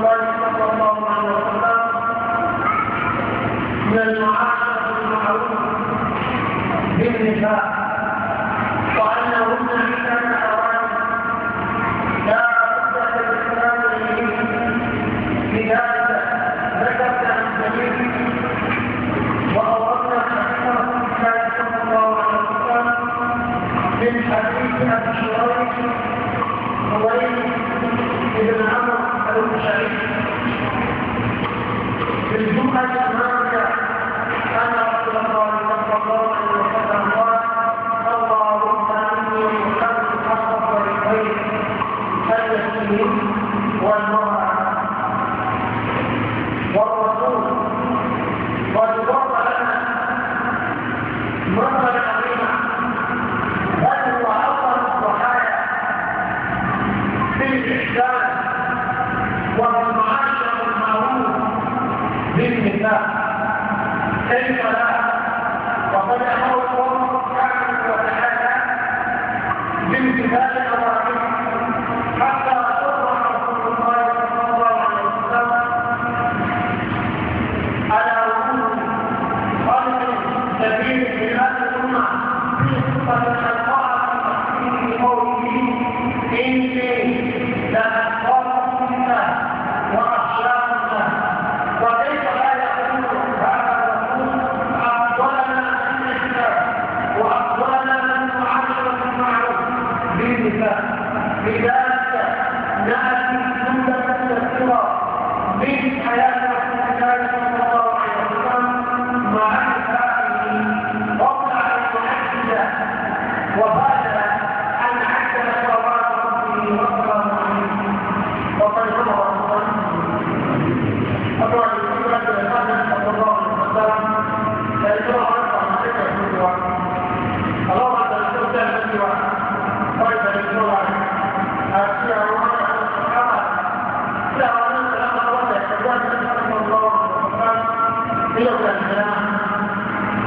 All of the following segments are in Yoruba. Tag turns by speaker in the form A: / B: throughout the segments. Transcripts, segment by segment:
A: Martin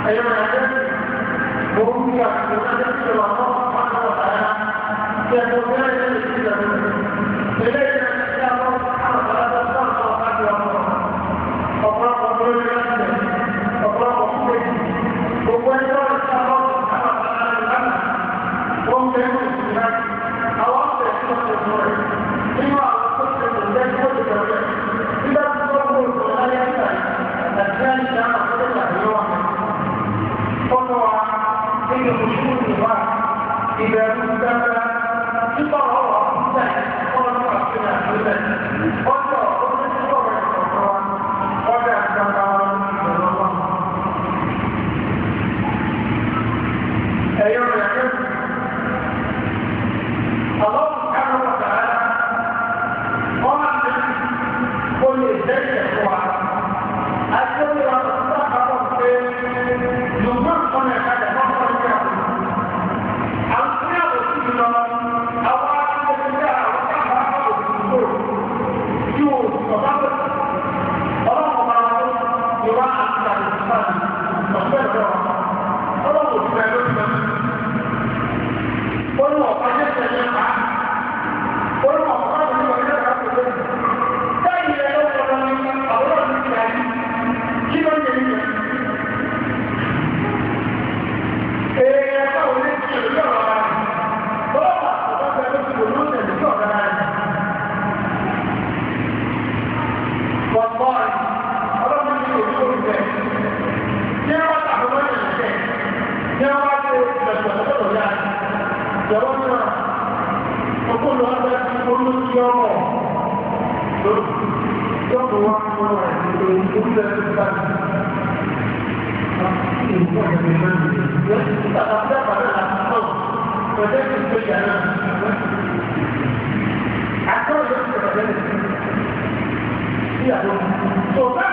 A: I don't know. nàìjíríà lókun.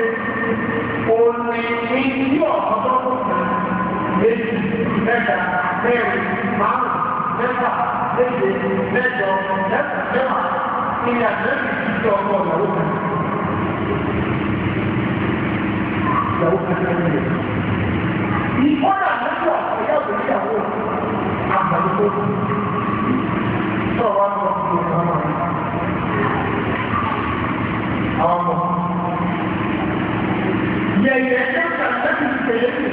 A: òní ní created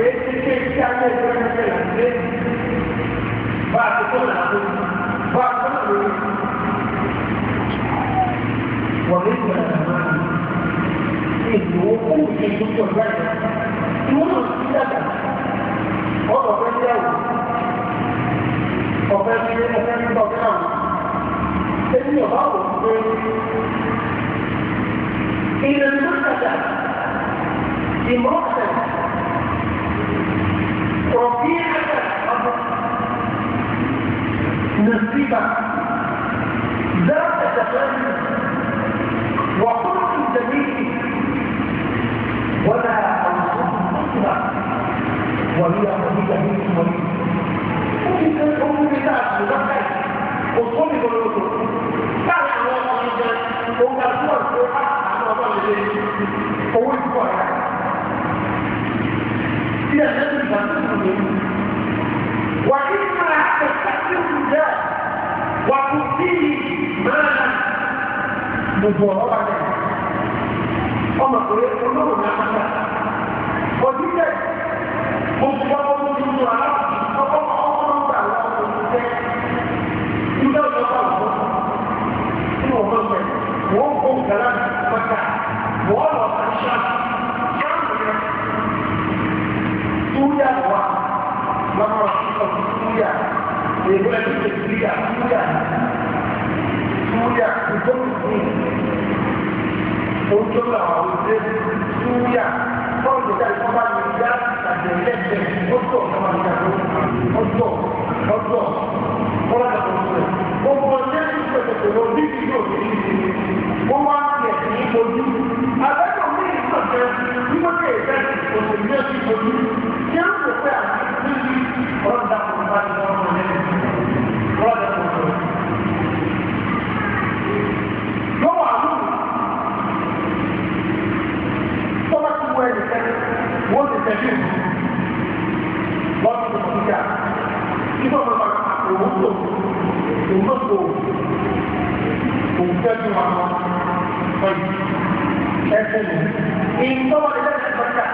A: èyí tí kí á lè fẹ́ fẹ́ lè bá a ti tó nà á tó bá a tó nà ló ní. wọ́n ní ìgbà náà ìdòwò kúrò ní ìdókòwò báyìí. wọ́n ti tẹ̀lé wọ́n ti tẹ̀lé ká nígbà wọn bá òun tó òun tó tó òun tẹ́lẹ̀ wọn ọ̀yì ẹ̀sẹ̀ mi ìtọ́wọ́ ilé ẹ̀sẹ̀ ká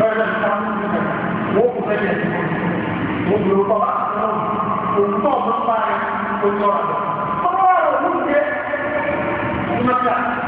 A: lọ́yọ̀ nípa wọ́n kò tẹ̀lé wọ́n ti rúkọ́ bá òun tó ọ̀dọ́ pa ẹ̀ òun tó ọ̀dọ́ ọ̀dọ́ ọ̀dọ́ ọ̀dọ́ ọ̀dọ́ ọ̀dọ́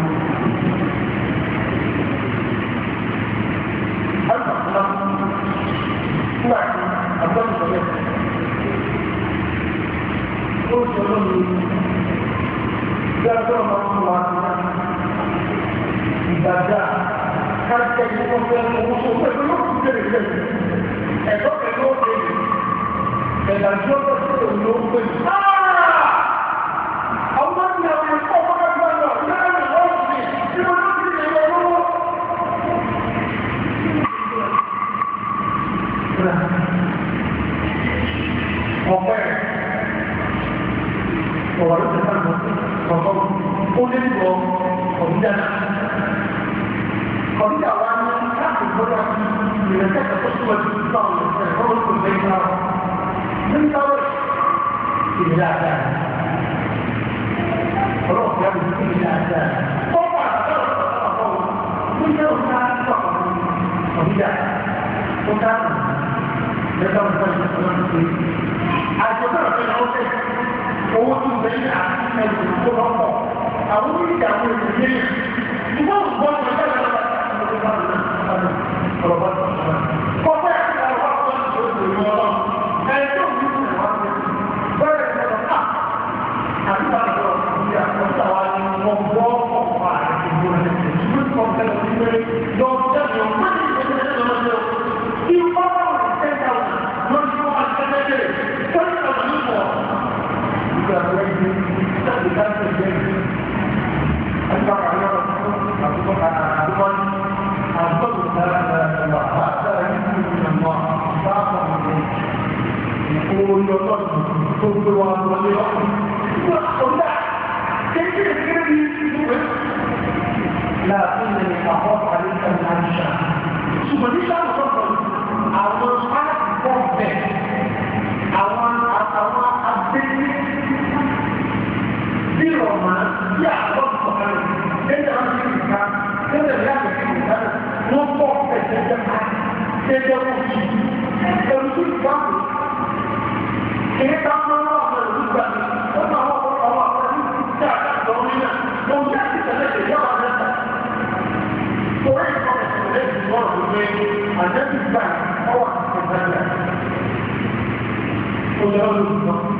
A: ìrìnàjò tó tó ló ń pè. Lord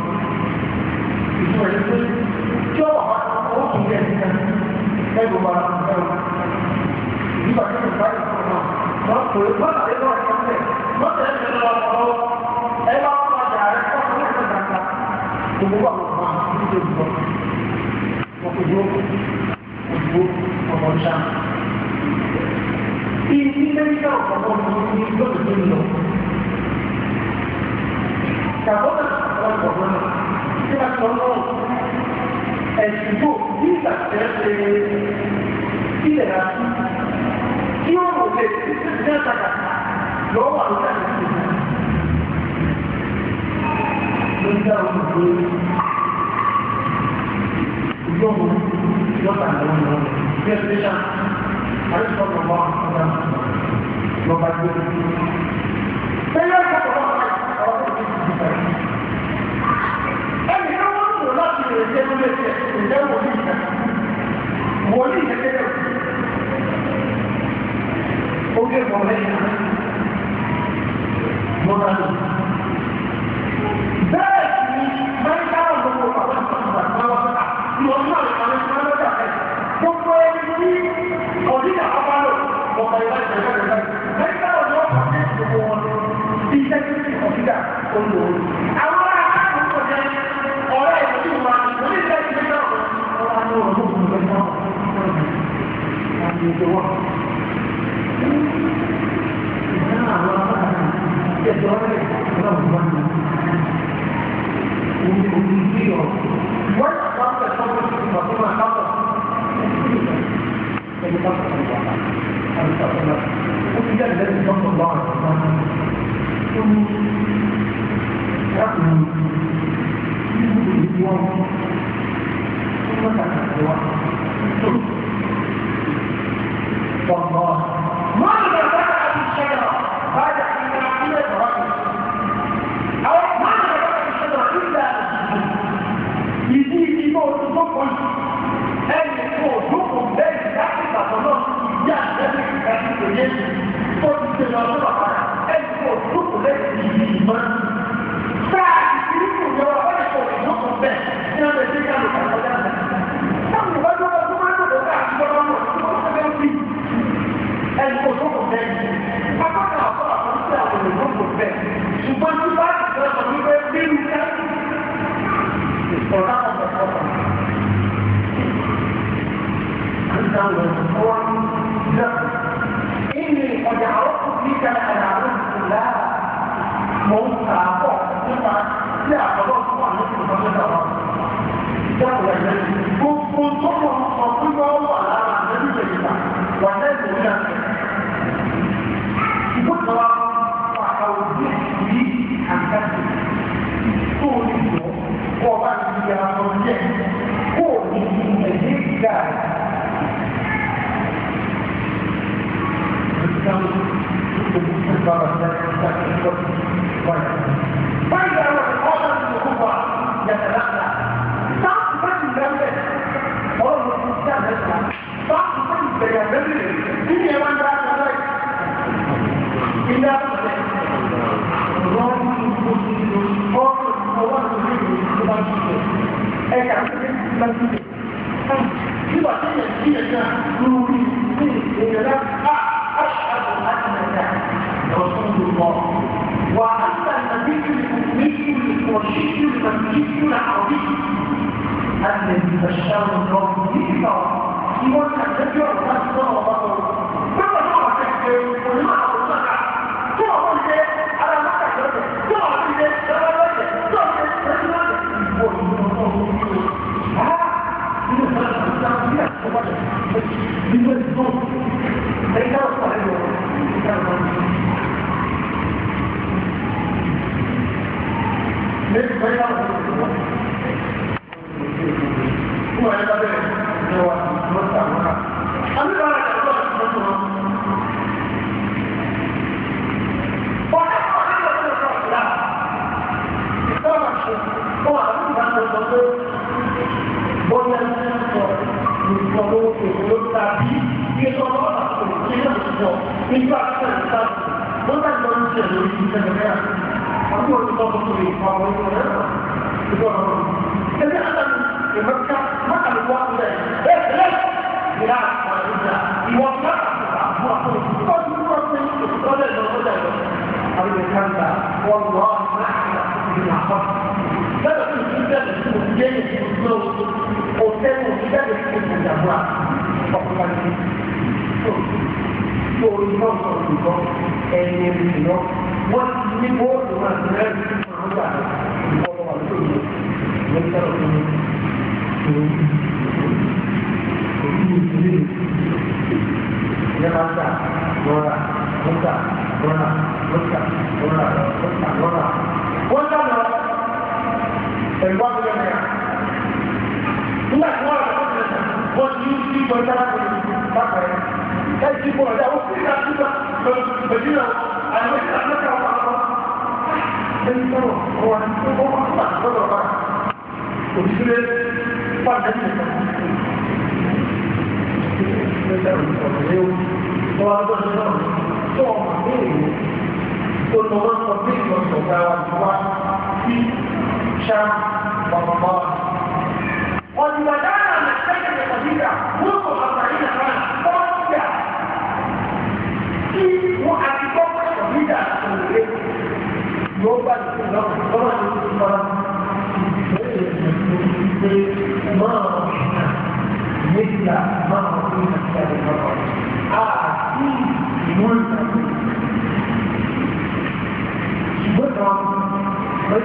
A: Nick, bring up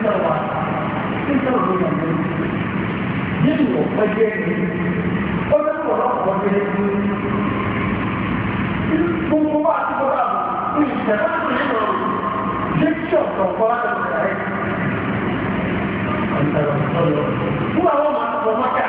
A: wa sísè òun yà mí nínú ọjọ́ ẹni ó lè wọ lọ́pọ̀ ọjọ́ ẹni gbogbo wa ti bọ́ àwọn olùsẹ̀ láti lè lọ ṣé kí ọ̀sán kọ́ láti lè ṣe àyè. Wúwo àwọn ọmọ àti ọmọ ká.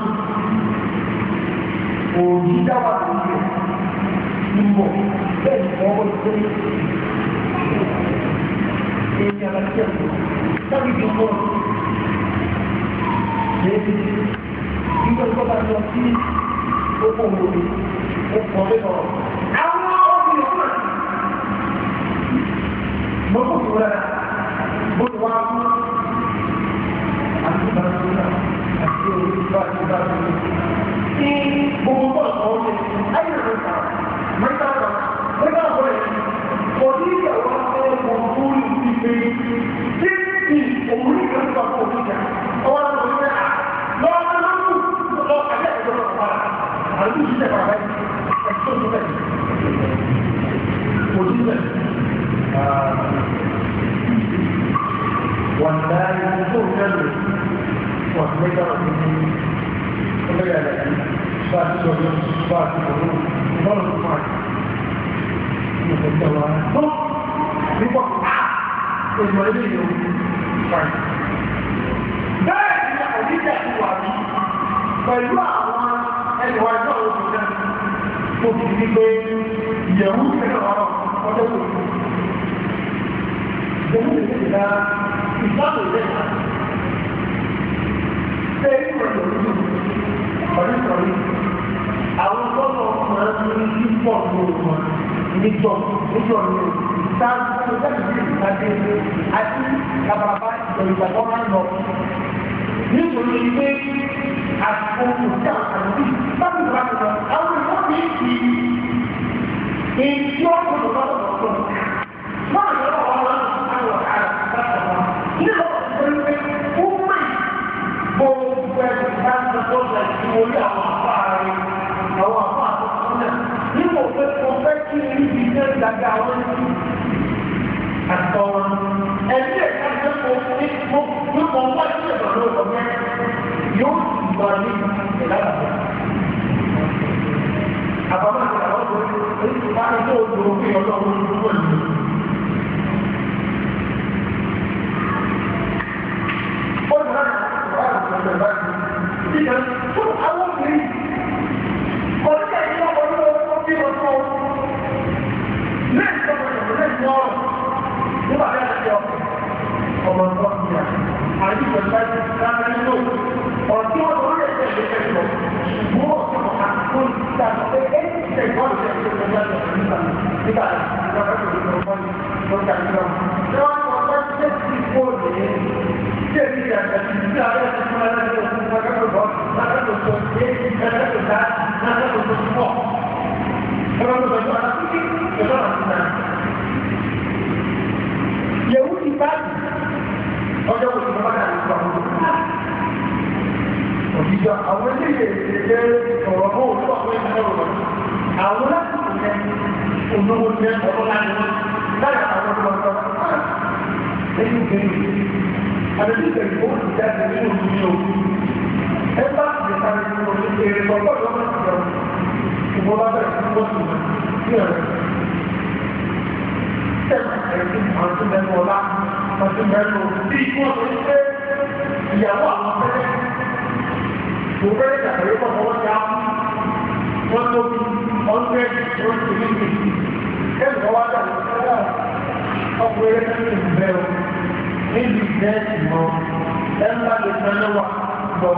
A: òòjì dáwà lórí rẹ̀ ń bọ̀ bẹ́ẹ̀ ni wọ́n wọ́n ti tẹ́lẹ̀ èyí àlàáfíà sábì tó bọ̀ lébi nígbà tó bá lọ sí gbogbo òwòrán ó kọ́ lé lọ. àwọn أي منطقة منطقة منطقة قريبة قضية واحدة موصول في جدي أمريكا القضية أولا قضية لا أعلم لا أعلم هل يوجد بعد الصوت ده موجود والله يكون جد وكذا bá a ti sọ yóò bá a ti sọ yóò ìbára tó máa yìí ìbò tó wà tó nípa ìmọ̀ ilé ìlú fàì. bẹ́ẹ̀ ni àdíjà ti wà ní pẹ̀lú àwọn ẹ̀rọ ẹjọ́ òkú náà tó fi ní pé ìyẹ̀wò ìfẹ́ ọ̀rọ̀ ọjọ́ tó kù. ìyẹ̀wò ìfẹ́ ìlà ìsáàbò ìlẹ̀ ìlà. ṣé ìwọ̀n ìlú ọ̀rẹ́ sọ̀rọ̀ àwọn tọ́lọ̀ máa ń ní pípọ̀ lóru wọn níjọ níjọ ni o sáájú tó dájú sí ìpàdé àti kàbàbà ìjọba tó máa ń lọ. nítorí pé àsìkò òkè àkàndí bábí bá ti lọ àwọn ìwọ ní ìdí èyí ọkọ̀ tó bá lọ sọ. máa ń lọ wọn lọ àwọn ará bá tà wọn. nílò ìpínlẹ̀ ó mọ̀ gbogbo ẹ̀ka ìdájọ́ tó lọ sí orí àwọn. náà ti dàgbà àwọn àtọ̀ wọn. Ẹbí ẹ̀ ká jẹ́ mo ní mo ní mo wá sí ẹ̀dọ̀ ló wọ̀ mẹ́ yóò sì lọ ní ìlànà. Àbámọ̀ àti àwọn ọ̀dọ́ orí ti bá ní tó o dùn fún ọlọ́run ní ìlú ìlú. Ó ní láti ṣe wá àgbẹ̀fẹ̀ báyìí. Ìjọba tó àwọn obìnrin हमारी जनता की खिलाफ नहीं हो और जो उन्होंने लेकर हो वो हम करते हैं से बहुत जनता कार्यक्रम बहुत ìjọ àwọn eléyè ìdílé ọ̀rọ̀ náà ó tó àwọn ẹni náà rọ̀ àwọn lásìkò yẹn olówó jẹ́ ọ̀rọ̀ láti láyà àwọn ọmọ ọ̀rọ̀ ẹni bẹ̀rẹ̀ àdébí bẹ̀rẹ̀ ó ti jáde nínú ìdílé o ẹ bá ti sáré nínú ìdílé rẹ̀ lọ́pọ̀ lọ́pọ̀ ti jọ ìwọ bá bẹ̀rẹ̀ sí wọ́n ti ní ọ̀rẹ́ sẹ́wọ̀n ẹ̀rí àwọn tó mẹ́nu ọ̀la àwọn tó mẹ́nu ìyàwó àwọn fẹ́rẹ́ ṣùgbọ́n ẹ̀ka pẹ̀lú kọ́kọ́rọ́ ya wọ́n tó bí ọ̀nrẹ́ oṣù níbi kẹ́kọ̀ọ́ wá dà nígbà ọkùnrin ẹ̀ka ní ìbẹ̀ o níbi ìbẹ̀ ìmọ̀ ẹ̀ ń bá lè fẹ́ wà lọ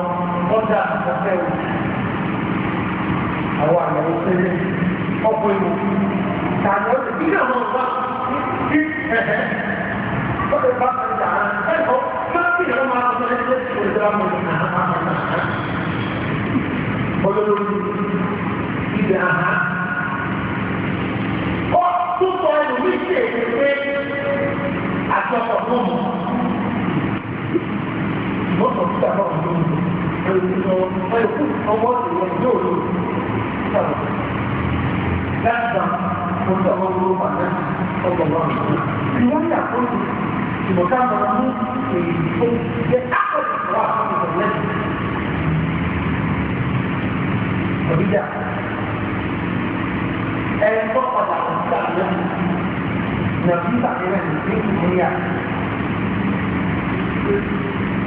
A: ọ̀dà àkọ́kẹ́ o. àwọn àyẹ̀wò tẹ́lẹ̀ ọkùnrin o tàbí ó ti bí àwọn ọ̀gá bí ẹ̀ẹ́ ó lè bá ọ̀gá ẹ̀kọ́ bá bí ìyàwó máa ń sọ ẹgbẹ́ olórí ìdè àná. ó túbọ̀ ẹlòmí ṣe ìwé àjọpọ̀ fún mi. mo sọ fún ìjàmbá ọ̀hún lónìí ọ̀hún ẹ̀kú ọwọ́ ìwọ̀n yóò lò ó. dáadáa mo sọ fún ọmọ ọmọ ọgbọ̀n wọn. ìwọ́n yà fún mi ìmọ̀ká mọ̀ ní èyí tó jẹ́ àpẹẹrẹ ìwà fún mi. Khadija ẹni tó padà sí àná nàbí ìbàdí náà ní bí ìmúyà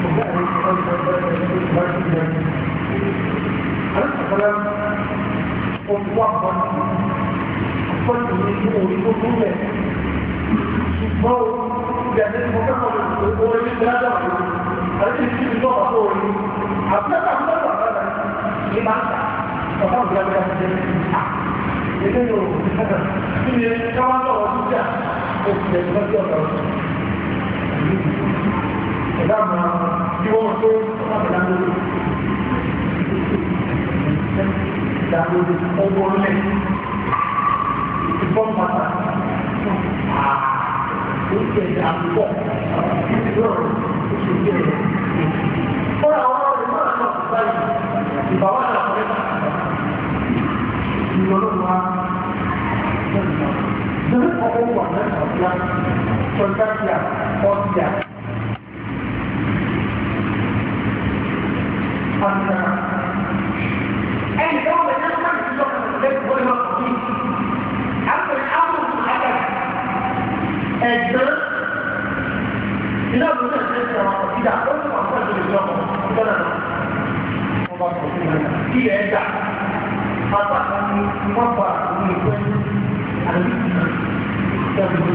A: ọgbà rẹ ti kọ́ ìjọba ìjọba ìjọba ìjọba alùpùpùpùlẹ̀ òkú àpọ̀n àpọ̀jù ní orí tó tún lẹ̀ ṣùgbọ́n ìyàtọ̀ ìmọ̀ kẹ́kọ̀ọ́ lè tó kó orí ní ládàá rẹ̀ àti ìdíjú tó wà tó orí ọ̀pọ̀ ìgbà ìgbà ìgbà ìgbà ilé yóò kí ni káwá náà wọ́n jíjà ó ti lè lọ́sí ọ̀dọ̀ ẹ̀dá mọ́ kí wọ́n tó ọ̀pọ̀lá lórí ìdàlódé owó lẹ̀ ìbọn pátá ó ti ẹ̀dá pọ̀ ìdúró ó ti ẹ̀dá yang pencaksilat, kosiat.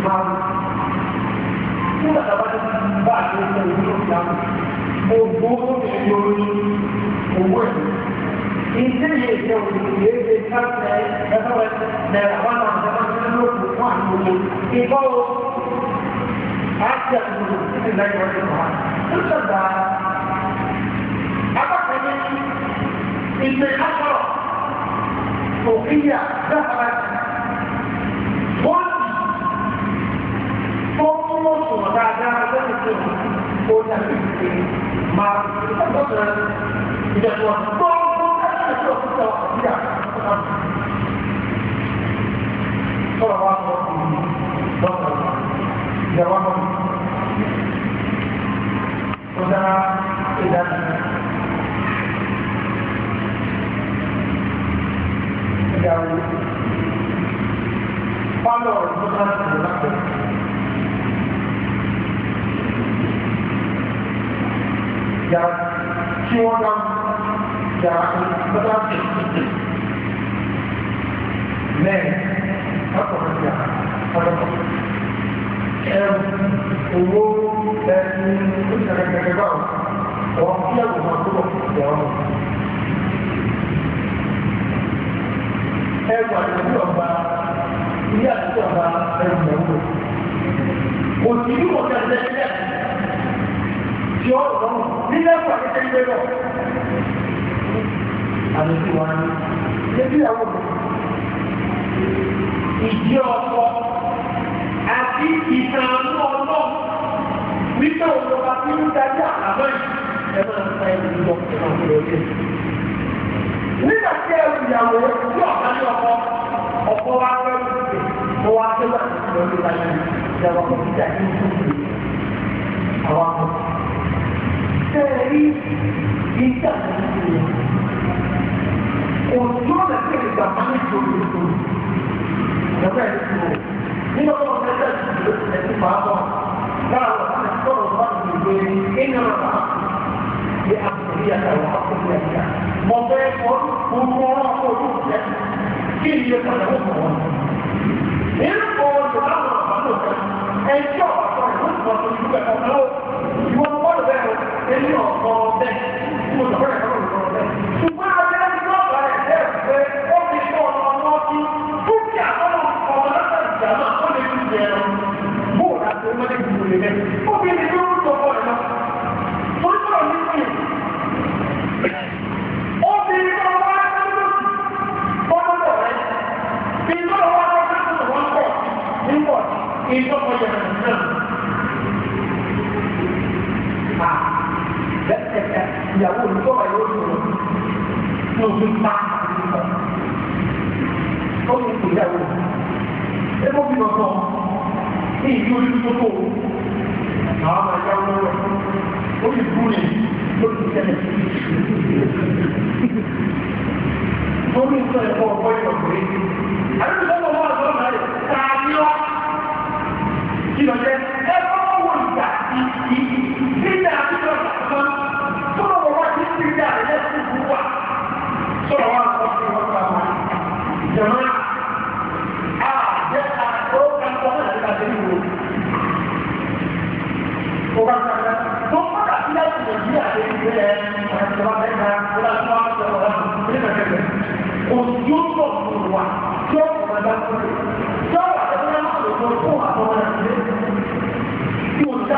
A: máa ń nígbà tá a bá ti bá àti ẹgbẹ́ ìlú tó fi àwọn gbogbo tó fi ṣe orí owó ẹ̀ ilé yìí ṣe òṣèlú èdè káfíńtà ẹgbẹ́ náírà wà náà sábà ní lóògùn fún àwọn owó ìbọ̀ o àti àtúntò títí náà yọ ọdún wa ó ṣàgbà apákan ní ìgbẹ́ káfọ́ òkìyà dáhàbà. dáadáa lẹ́yìn tó kó dàbí ìpè máa ọgbọ́n ìdẹ̀kùn tó ń bọ́ lẹ́yìn tó kó sọ ìyá sọ̀rọ̀ wa sọ lọ́sọ̀ ìyàwó àwọn tó dára ìdájọ́. Ìyàwó. Fálọ̀ ọ̀rọ̀ tó dára ìdájọ́. ìjà tí wọ́n dá ìjà lọ́dá sí mẹ́rin ọkọ̀ọ̀kan ìjà ọlọ́kọ̀ ẹ̀rù owó ẹ̀sìn oníṣẹ́kẹ̀kẹ̀ báwọn ọ̀wọ́n tí ẹ̀rù máa kúrò ìjà ọmọ. ẹ̀rù ìjọba ilé àti ìjọba ẹ̀rù mẹ́wọ́ lẹ́kọ̀ọ́ ní tẹ́lẹ̀ lọ. àlùkù wa ni lẹ́bí àwọn ìdí ọkọ àti ìtààmú ọlọ wípé òjọba tí ń dájà àbọ̀ yìí ẹ máa ń ta ẹni lọ ẹ máa ń lọ sí. nígbà tí ẹ wù ìyàwó tí ọ̀gá ní ọkọ ọkọ wa fẹ́ wù sí mo wá fẹ́ wà ní ìlú ọdún báyìí ìjọba kò ti dà ní ìlú àwọn akọ̀tún. الشارعي يتهم والجملة كلمة عن الدكتور جماعة الدكتور هنا طبعا نحتاج نتيجة عبارة لا هو أن الصلاة الرجل إنما العقل لأقضية أو عقضية مضيف ومراق وجودة كل يتنهض هنا هو الأمر أن يعطى الخطبة في الجمعة àtẹ́lẹ́ ọ̀pọ̀ bẹ́ẹ̀ fún ọ̀dọ́ rẹ̀ tí o fi pa ó ní ìgbéyàwó epo bí lọ́sọ̀ ní ìlú orí tókò àwọn ọmọ ẹ̀yà wọn rẹ̀ ó lè kú ní lórí ìṣẹ̀lẹ̀ ó ní ìṣẹ̀lẹ̀ fún ọ̀pọ̀ ìrọ̀kùnrin àti ìṣẹ̀lẹ̀ wọn àti ọ̀nà rẹ̀ tààdí wá kí lọ jẹ́.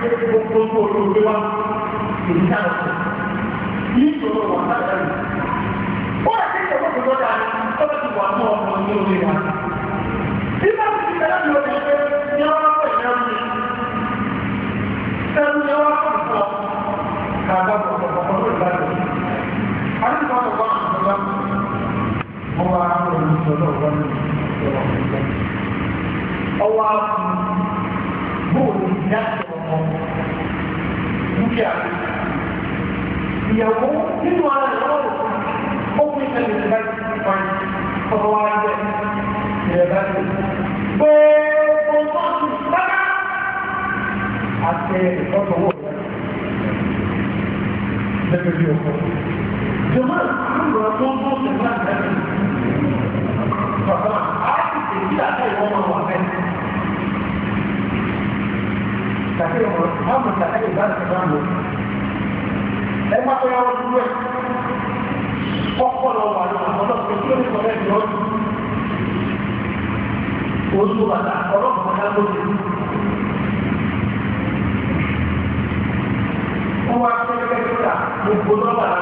A: pé gbogbo tó o lò wá èyí náà ní ìṣòro wà láyé rẹ̀. ó yà kéèké owó tó lọ́dà ní ọ̀dọ̀ ti wà mọ́ ọmọ ní orí wa. nígbà tí ti bẹ̀rẹ̀ ní orí pé ní wọ́n pè ní ẹrú ni ẹrú ni wọ́n pè fún ọ ká bá bọ̀ bọ̀ bọ̀ bọ̀ bọ̀ bọ̀ àti bọ̀ bọ̀ bọ̀ bọ̀ bọ̀ wọ́n wá àwọn olùsọ̀rọ̀ wọn ní ìṣòro ọ̀gbọ́n ọwọ́ àfún bóòlù ìdájọ́ ìdájọ́ náà lò ẹ má fẹ́ yàrá dúró ẹ̀ kọ́kọ́ lọ wà lọ àkọ́lọ́ pé kí ló ń sọ̀rọ̀ ẹ̀jọ́ oṣù bàtà ọlọ́pàá ká ló dé. wọ́n wá pẹ́ẹ́pẹ́ síta gbogbo lọ́wọ́ la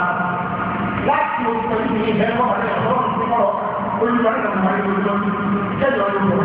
A: láti oṣù pẹ̀lú ìyẹn bẹ́ẹ̀ wọ́n wà lẹ́yìn ọlọ́run tó kọ́ olùdarí àwọn ọmọ ẹgbẹ́ lọ́wọ́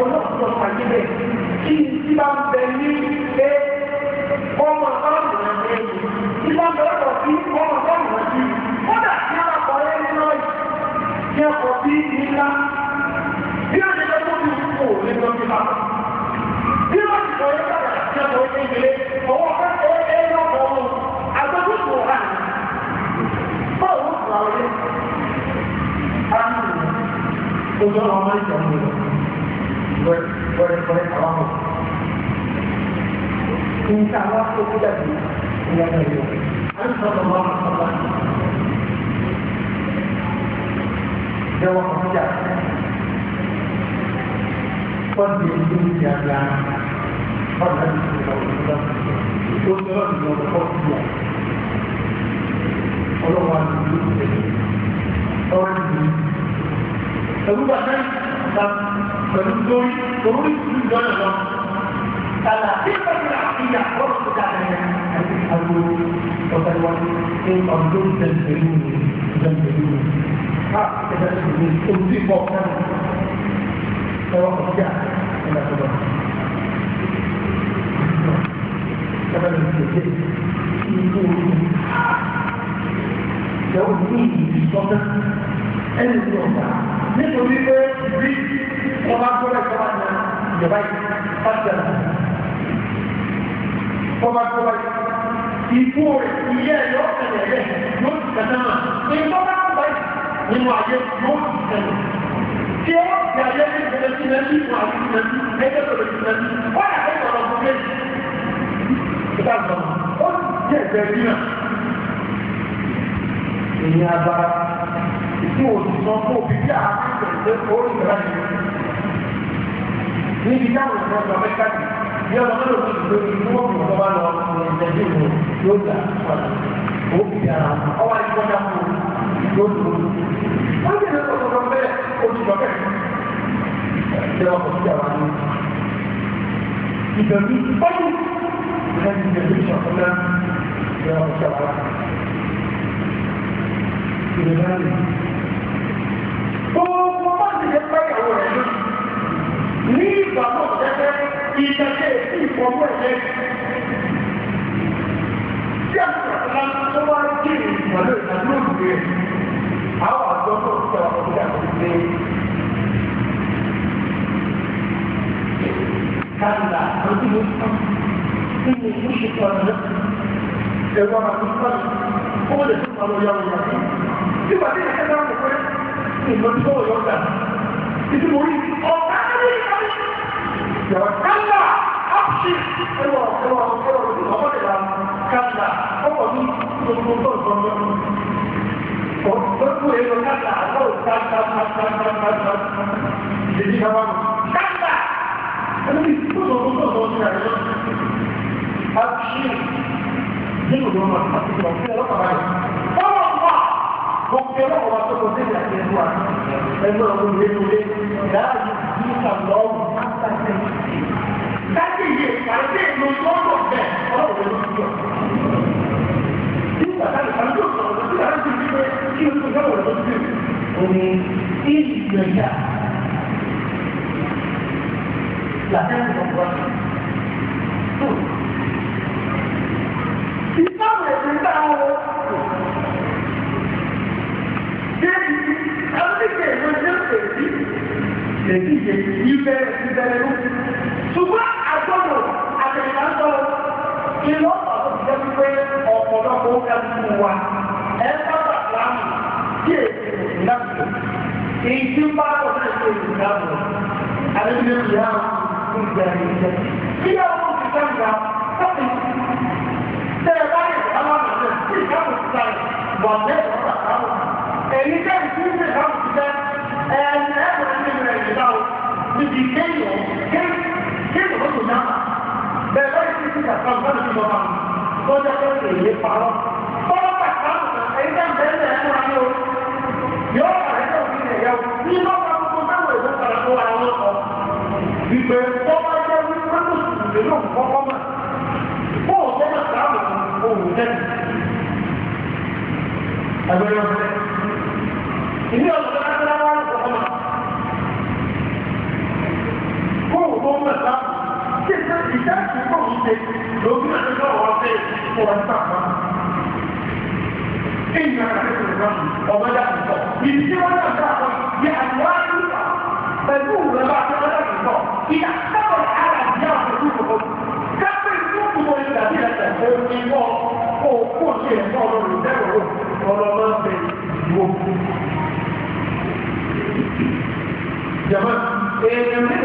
A: ọ̀pọ̀lọpọ̀ pàdébẹ̀ kí n ti bá bẹ ní pé ọmọ ọlọ́run náà ṣe é ní bá bẹ lọ́pọ̀ sí ọmọ ọlọ́run náà sí kódà kí á kọ́ ẹ́ ní náà kí á kọ́ sí nílá bí ó ṣe lọ́pọ̀ sí kò ní lọ sí bàbá bí ó ti kọ́ ẹ́ bàbá kí á kọ́ ẹ́ nílé ọwọ́ kẹ́kọ̀ọ́ ẹ́ lọ́pọ̀ ọ̀hún agbẹ́dúgbò wà ní bọ́ọ̀lù àwọn ọ̀rẹ́ ber, ber, berperangus. Insya Allah itu tidak bisa. Alhamdulillah. Jawa kerja. Pendidik yang yang perhatian itu adalah di luar kerja. Kalau orang itu orang ini, kalau bahkan pẹ̀lú lórí lórí ìlú lọ́nà lọ. Kàlà tí ó bẹ̀rẹ̀ àfihàn ọ̀rọ̀ tó dà lẹ́yìn àti àgbo ọ̀sẹ̀ wọn ṣe ọ̀dọ́ ìdẹ̀ntẹ̀lú ìdẹ̀ntẹ̀lú. Ká ìdẹ̀ntẹ̀lú ojú ìfọ̀ náà ẹ̀rọ ọ̀sẹ̀ ìdàgbọ̀. Ìjọba ti ṣe kí ikú ojú. Ìjọba ti ní ìdí sọ́tẹ́ ẹni tó ọ̀gá nítorí pé bí وما كنا كمان جباي قدم وما كنا يقول إياه يوصل إليه نوت كتما إن طبعا بيت من معجب نوت كتما في وقت يعجب الثلاثين نبي وعجب نبي هيدا ثلاثين نبي ولا هيدا ربك كتاب الله قل يا زيدنا إني أبارك يقول صنفو بجاعة عندك قول إبراهيم níbi táwọn ìfọwọ́ sọ mẹ́ta kì í ọmọ náà lórí lórí inú ọ̀pọ̀ tó bá lọ ẹ̀ẹ́dẹ́gbẹ̀ mọ̀ yóò gbà padà ó fi ara ọwọ́ àyíkọ́jà fún yóò lò ó. wọ́n ti lè sọ̀rọ̀ lọ bẹ́ẹ̀ oṣù lọ́kẹ́ ṣe wọ́n kò sí àwọn àyè. ìbẹ̀rù ìpọ́jú ìrẹ́ ti bẹ̀rù ìṣọ̀kan náà ṣe wọ́n kò sí àwọn àyè. ìrẹ́ náà lè. gbogbo bá ti lè pẹ́ ìyàwó rẹ̀ lóṣù ní ìgbà náà gẹ́gẹ́ ìdájẹ́ èsì ìfọwọ́ ẹ̀yẹ. Tí a ti rà tó wá kí ìpàdé ìdájọ́ òde àwọn àjọ náà ti tẹ̀wọ́ ọ̀dọ́ ìyá tó dé. Kàlà ló ti lè fún kí ni ìlú ṣe tó ọ̀dọ́ ẹ̀rọ àtúntàn ó lè tó pàlọ́ yá wọ̀ yàtọ̀. Nígbà tí ìṣẹ́ náà kò pẹ́ ìmọ̀tí tó wọ̀ yọ̀ọ̀dà. Ìdí mo rí ọ̀gá kálá ápùsì ẹwà ẹwà ẹwà ọmọdé la kálá ọkọ̀ ní gbogbo tó gbọmọ ọ̀pọ̀lọpọ̀ èèyàn kálá àgbọ̀ kálá ìdèjì bàbá mi kálá ẹni tó tó tó tó tó tó ápùsì nínú ìdánwò àti ìgbàgbé ọlọ́pàá báyìí gbogbo ọlọ́pàá tó kọjá ìgbàgbé ẹgbẹ́ ọ̀gbìn lẹ́nu lé láàyè àbíkà lọ́wọ́ àtàkùn láti yẹ ìpàdé ìlú lọ́dọ̀ bẹ̀ ọ̀rọ̀ ló ti nígbà táwọn ìpàdé yóò sọ̀rọ̀ lọ́sí àwọn ti gbé kí o tó yọ̀wọ̀ lọ sí omi ìlú ìgbẹ̀yà làtẹ́wọ̀n ọ̀gbọ́n. ìdèdíje ìbẹ̀rẹ̀ ìbẹ̀rẹ̀ ló. ṣùgbọ́n àgbọ̀dọ̀ àtẹ̀yìnlátọ̀ ìlọ́pàá tó ti jẹ́ pé ọ̀pọ̀lọpọ̀ ẹ̀kú wa ẹ̀ sábà láàmù tí èdè ìdáàbò èyí tí bá wọ̀ náà ṣe ìdáàbò àdébíyẹ ìyá ìgbẹ̀rẹ̀ ìjẹ́ kí ẹ wọ́n ti fẹ́ gbà sọ́ọ̀tì tẹ̀lé báyìí àwọn àgbẹ̀ tí ìdáàbò ti ta wà lẹ́yìn ọ̀rọ̀ àtàwọn ẹ̀yìn níbi kéèyàn kéèyàn ló tó náà bẹ́ẹ̀ bá yẹ kí sísà kan bá lọ́ba tó jẹ́ pé èyí parọ́. Bọ́lá pàṣẹ ẹ̀yìn náà bẹ́ẹ̀ bẹ́ẹ̀ fún wa ní o. Yóò kàrẹ́ náà fi lè yẹ o. Ní lọ́ba tó bá jẹ́ wípé kò mẹ́ta tí ìṣe ìṣe ìṣe òun ṣe lórí ẹni náà wọ́n ṣe fún wọn náà máa. Ìyá rẹ̀ ṣe lè rán ọmọ yá mi sọ. Ìdí tí wọ́n náà dáa wọn yẹ àdúrà nípa pẹ̀lú ìwé bá tí wọ́n náà èèyàn mélòó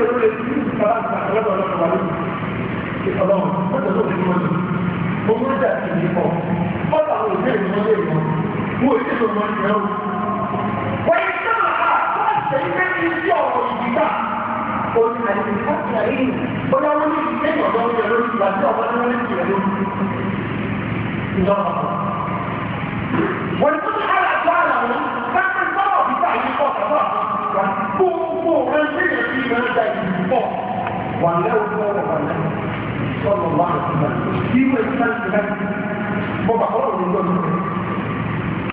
A: ìgbẹ́rẹ́ ta ìdìbò pọ̀ wà lẹ́wọ̀ tó wọ̀ wà lẹ́wọ̀ sọ̀rọ̀ wà lẹ́wọ̀ kí wọ́n ti ká ti ká ti bọ́ bá ọ̀rọ̀ òní lọ́dún rẹ̀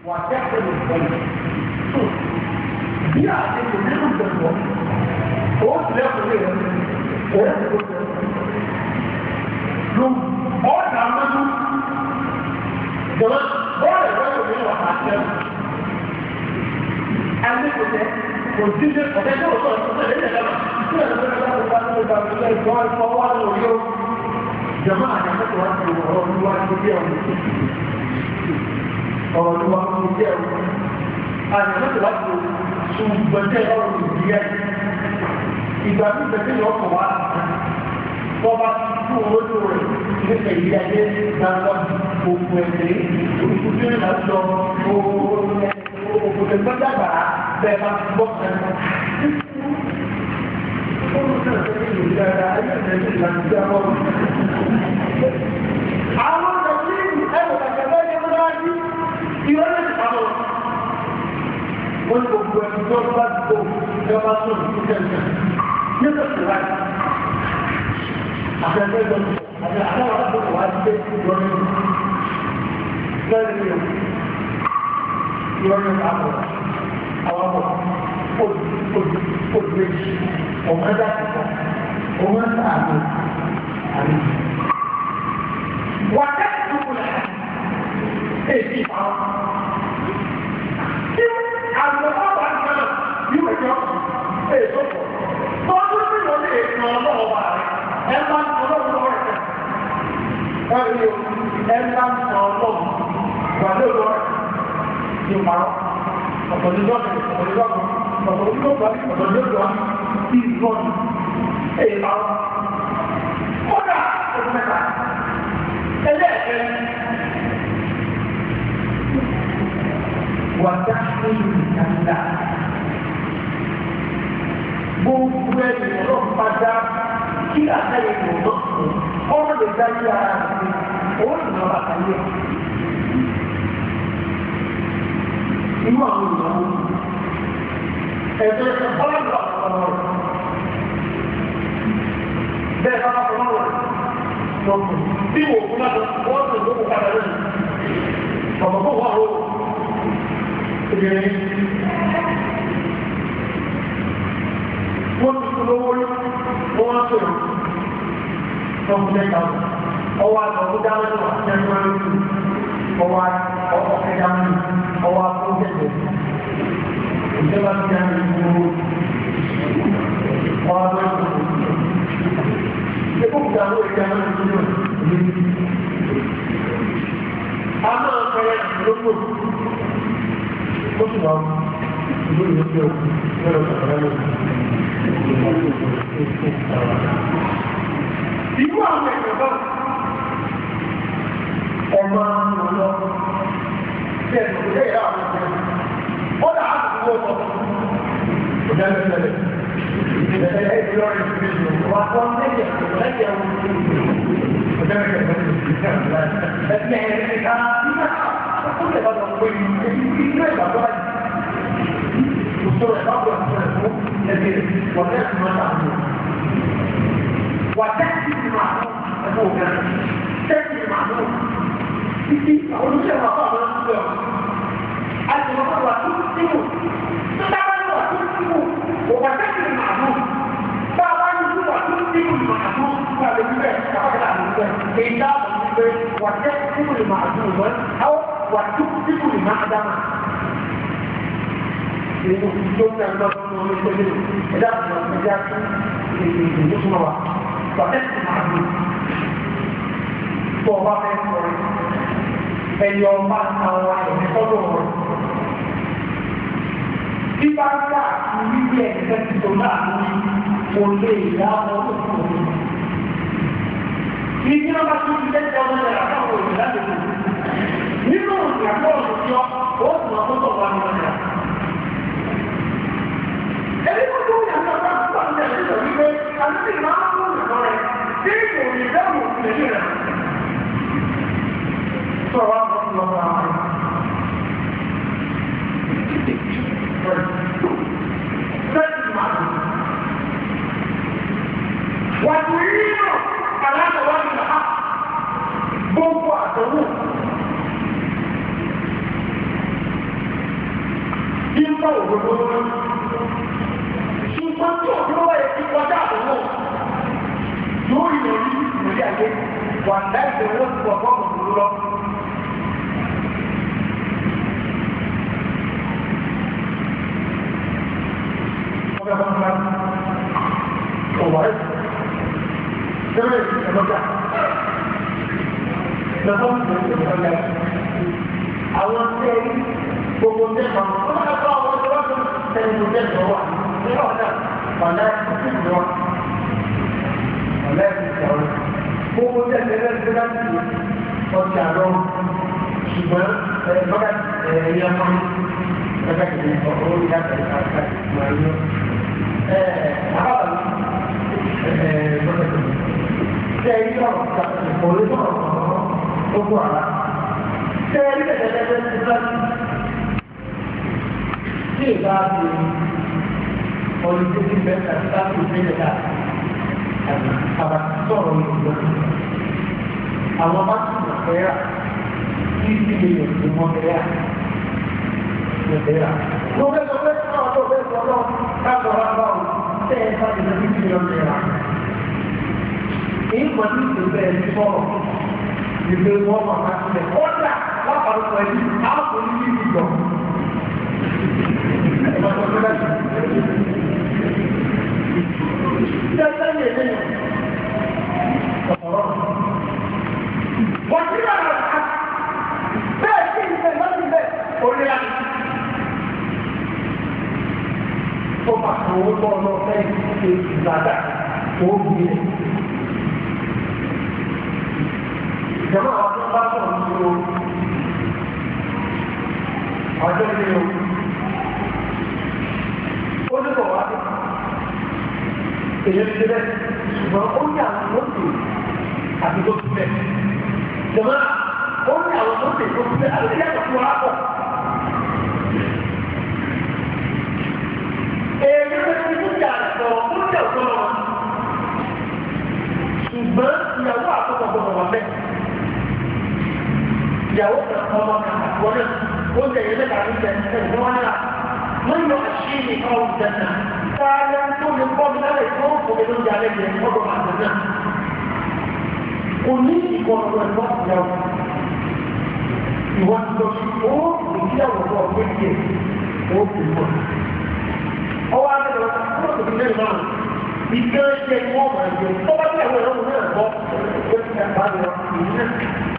A: wà tẹ́kọ̀ọ́ lè fọ́ yìí bí àdéhùn nínú ìgbẹ̀fọ́ ó tilẹ̀kùn lè rẹ̀ ó ti kó lóhùn ọ̀dà amadu jọba bọ́ọ̀lù ẹ̀rọ ìwé wà á tẹ̀ ẹni kò tẹ kò sí ní ọ̀dẹ́ tó sọ̀rọ̀ ọjọ́ ìfọ́ ẹ̀fọ́ wà ní orí o jẹ̀mọ́ àyàfẹ́tọ̀ wá sí ọ̀rọ̀ olúwa ti bí ọ̀rọ̀ ọ̀rọ̀ olúwa ti bí ọ̀rọ̀ àyàfẹ́tọ̀ wá sí ṣùgbọ́njẹ́ ọ̀rọ̀ ìbílẹ̀ ìgbà tí ìgbẹ́sẹ̀ yọ ọkọ̀ wá bọ́ba tó olójú rẹ̀ nípa ìdí ayé gbàgbọ́ òkú ẹ̀sẹ̀ òkúté ìlàjọ òkúté gbọ́dàgbà bẹ́ẹ̀ bá gbọ́ Àwọn ọ̀dọ̀kí ẹ̀rọ kàkàlẹ́ ẹgbẹ́ láti ìrọ́lẹ̀ ìpamọ́. Wọ́n ti gbogbo ẹni tó bá gbogbo ìjọba tó ní ìjọba. Nígbà tó wáyé, àtẹ̀lẹ́ ìjọba àti àtàwọn àgbẹ̀kọ̀ wá sí ìjọba. Lẹ́yìn ìrọ̀lẹ̀ ìpamọ́, àwọn ọmọ méjì ọmọ ẹ̀dá kẹta ọmọ ẹ̀dá àná àná. wà á kẹ́kọ̀ọ́ tó kù láti èyí pa ọ́. tí àwọn ọba náà yóò yọ èyí tó pọ̀. tọ́jú tí wọ́n lè nà ọ́ náà wà rẹ̀ ẹ̀ máa ń sọ lọ́wọ́ lọ́wọ́ rẹ̀ kẹ́. ẹ̀ rí o ẹ̀ máa ń sọ lọ́wọ́ wà lọ́wọ́ rẹ̀ ní ìparọ́ ọ̀pọ̀lọpọ̀ ọ̀pọ̀lọpọ̀ ọ̀dọ̀ tí ó gbà bí ọ̀dọ̀ tí ó gbà bí ìtọ́jú èyí bá wọn. kódà oṣù mẹ́ta ẹlẹ́ẹ̀kẹ́ wà dá oṣù ìdáńdá gbogbo ẹni ọlọ́run bá dá kí àtẹ̀yẹ kò lọ́sùn ọ̀rọ̀ lè àwọn ìlú ẹ̀sùn ọlọ́dún àtọ̀mọ́ rẹ̀ bẹ́ẹ̀ bá bá tọ̀mọ́ rẹ̀ lọ́kùn bí wò fún náà wọ́n tún ló kó padà lẹ́nu ọ̀mọ̀ kó wà ó ìrìn wọ́n ti kú lówó rí wọ́n wá tó yàn lọ́kùn lẹ́ka ọwọ́ àtọ̀mọ́ ìjọba ti dá mi tó ọ̀rọ̀ náà. Epo kùtà ló ìjà náà ti dùn ní. A máa ń fẹ́rẹ̀ lóko. Ó sì wà ìlú ìlú tó lọ́rọ̀ sọ̀rọ̀ lọ́wọ́. Ìlú àwọn ẹ̀kọ́ bá ọmọ àwọn ọlọ́wọ́. Bẹ́ẹ̀ ni, ó yẹ àwọn ọmọ. Ó dà á قوة وجنب وتأتي المعروف أبوه تأتي المعروف في أقول لك ما تعمل المرء تسلم تتبنى وتسلم ومساكن المعلوم تعبان هو تسلم المعلوم فبالتالي تعبان المعلوم كتاب وتسلم المعلوم أو وتسلم المعدم Ìlú ìjọba ń lọ sí omi tẹ́lẹ̀ ẹ̀dá àwọn ọmọ ìjà tó ń ṣe ìdíjú súnmọ́ wa. Bàtẹ́sì máa ń bọ̀ wá fẹ́ sọ̀rọ̀ ẹ̀yọ̀ ọba àwọn ẹ̀mí tọ́jú ọ̀rọ̀. bí bá ń dà ní bíbí ẹ̀sẹ̀ tuntun náà ní kò lè dá wọn tó kù. Ìdí náà bá tún ti tẹ́tí ọmọ rẹ̀ àtàwọn òyìnbó láti kù. Nínú ìyàgbọ́ òṣìṣẹ́ ó tún àkókò wà ní ọjà. Ẹbí tó tó yà sọ fún àkókò àti ẹ̀sìn ìjọ wípé àti ìmọ̀ àwọn ọmọ rẹ̀ tí kò dáhùn òṣìṣẹ́ rẹ̀. Sọ̀rọ̀ àwọn ọmọ ọmọ àwọn wà ní yíyọ aláàbọ̀wá ní ha gbogbo àdánwò. Yíyọ òdodo ṣùgbọ́n tí òdodo wáyé ti kọjá àdánwò yóò yọ ní ìrírí ayé wà láìpẹ́ wọ́n ti wà bọ́ọ̀mù òdodo lọ. Thank you sẹ́rẹ̀ ìṣẹ̀lọ́gà lọ́wọ́ ìṣẹ̀lọ́gà àwọn tẹ́ gbogbo tẹ́kọ̀ọ́ wọ́n máa kọ́ àwọn tó wọ́n tó tẹ̀lé tẹ́kọ̀ọ́ wà nígbà wọn náà wàlá ìṣẹ̀lọ́ wàlá ìṣẹ̀lọ́ gbogbo tẹ́kọ̀ọ́ tẹ́lẹ̀ tẹ́lẹ̀ ọjà lọ ṣùgbọ́n ẹ̀ẹ́dọ́gà ẹ̀ẹ́yà mọ́ ẹ̀ẹ́dọ́gà ìṣẹ̀lọ́ orí láti ẹ̀ẹ́dọ́gà ìṣẹ̀lọ́ tẹ èyí kan tí ìṣe bẹ́ẹ̀ ní sọ̀rọ̀ ìgbé wọn wà ká sílẹ̀ kọ́dà lápapọ̀ ẹni káàpọ̀ ní bí ìjọ. Ìjọba yẹn lẹ́yìn ọ̀rọ̀. Wọ́n ti rà á bẹ́ẹ̀ sí ìfẹ́ lọ́dún bẹ́ẹ̀ orí àná. Ó bí ẹ̀. ìjọba àwọn tó bá tọ̀ ń dúró ọjọ́ ilé o ó ní kọ̀ wá èyí ti bẹ́ẹ̀ ṣùgbọ́n ó ní àwọn lóṣù àti tó ti bẹ́ẹ̀ ìjọba ó ní àwọn tó ti bẹ́ẹ̀ tó wá pọ̀. Èyí ti ìyàwó ọmọ wọn náà ó tẹ̀yẹ mẹ́ta ló tẹ̀ ẹ̀gbọ́n wọn náà wọ́n yọ àṣì ní ọ̀hún tẹ̀sán káyà tó lè kọ́ mi lálẹ́ tó ń fò mí lóúnjẹ alẹ́ jẹ ọ̀dọ̀ màtó náà kò ní ìkọ̀ọ̀rọ̀ ẹ̀gbọ́n ìyàwó ìwọ ti lọ sí ìdíyàwó lọ pé kí ẹ ó fi mọ. ọwọ́ àgbẹ̀ lọ sí ọ̀dọ̀ tó lè ìgbẹ́ ẹ̀jẹ̀ ni wọ́n máa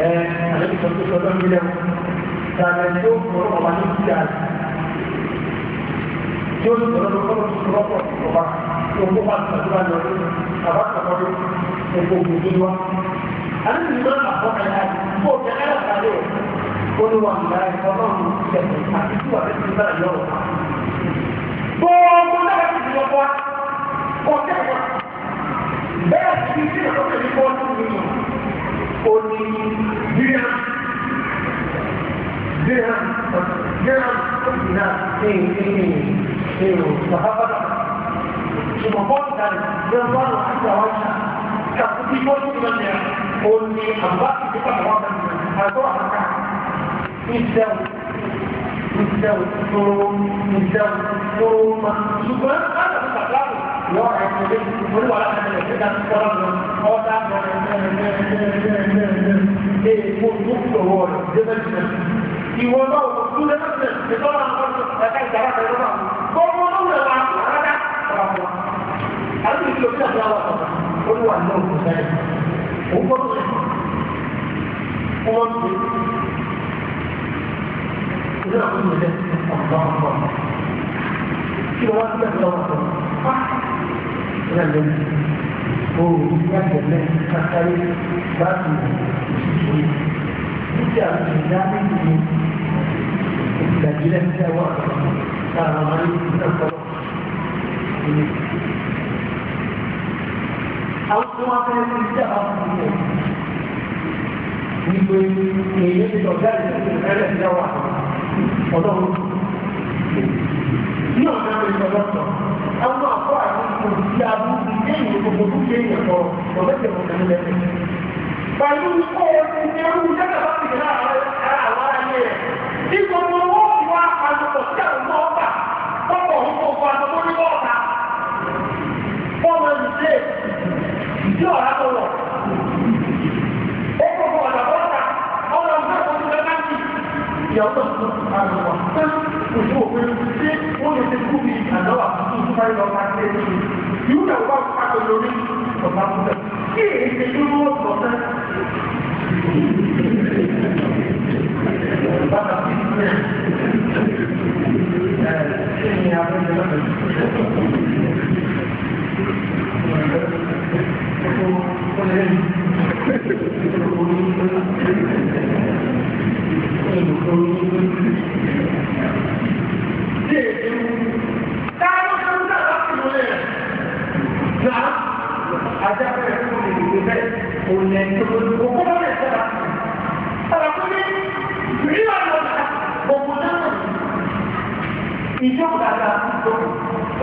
A: àlejò tó tó sọdọ́ nílẹ̀ o tààrẹ tó kọ̀ọ̀rọ̀ ọ̀bà ní ìdíyà rẹ̀ tí ó sọ̀rọ̀ lọ́kọ̀ọ̀rọ̀ sọ̀rọ̀kọ̀ ọ̀bà tó kó bá tàdúrà lọ àbá kàkọ́dé epo òkùnkú wa. àlejò tó ń bá àkọ́kọ̀ yà kó o jẹ́ káyà sáré o ó ní wọn ìlà ẹ̀ ọlọ́run ìṣẹ̀lẹ̀ àti tí wà lẹ́sìn ìbára yọ̀rọ̀ di ọkọ̀ pun dia dia dia dia ini ini ini sahabat cuma pun dan yang baru kita baca tak pun sebenarnya pun ni hamba kita bawa atau apa Islam Islam turun Islam turun masuk ke yọ àtúndé olúwa láti ẹ̀ ṣe dáná kọ́ lọ́nà ọ̀dà ẹ̀ kó tó lọ́wọ́ rẹ̀ débẹ̀tìmẹ̀. ìwọ náà o tún débẹ̀tìmẹ̀ ètò ọ̀nà àwọn ọ̀dọ́ ẹ̀ka ìjàrá pẹ̀lú náà gbọ́dọ̀ ló lè wà rárá ọ̀rọ̀ àti ìṣòro tí a ti àwọn ọ̀dọ́ olúwa ní òkú sẹ́yìn òun gbọ́dọ̀ rẹ̀ wọ́n ti ìlú àkúnyẹ̀lẹ̀ ọ̀dọ́ ọ̀dọ́ kí ló wá sí ẹ̀dọ́ ọ̀dọ́ náà ló ní oòrùn ní àgbẹ̀lẹ̀ kákárí gbádùn òṣìṣẹ́ nígbà ìdá méjì ní ìdàjílẹ̀ tẹ́ wà lára wọn ní ìdàkọ́ ìlú. àwọn tí wọ́n fẹ́ ní ìjà ọkùnrin rẹ̀ wípé èyí ti lọ jáde ẹlẹ́ ti dáwà ọlọ́run. ní ọ̀nà ìṣọ̀lọ́sọ̀ àwọn àkọ́ àkọ́ òbí abú ilé ìwé pẹ̀lú tí gbogbo wọn ti wá ní ọ̀tá. ìfẹ́ ìjọba ṣe é ṣe yóò lè wá pàtó lórí ọ̀gá ọ̀gá kí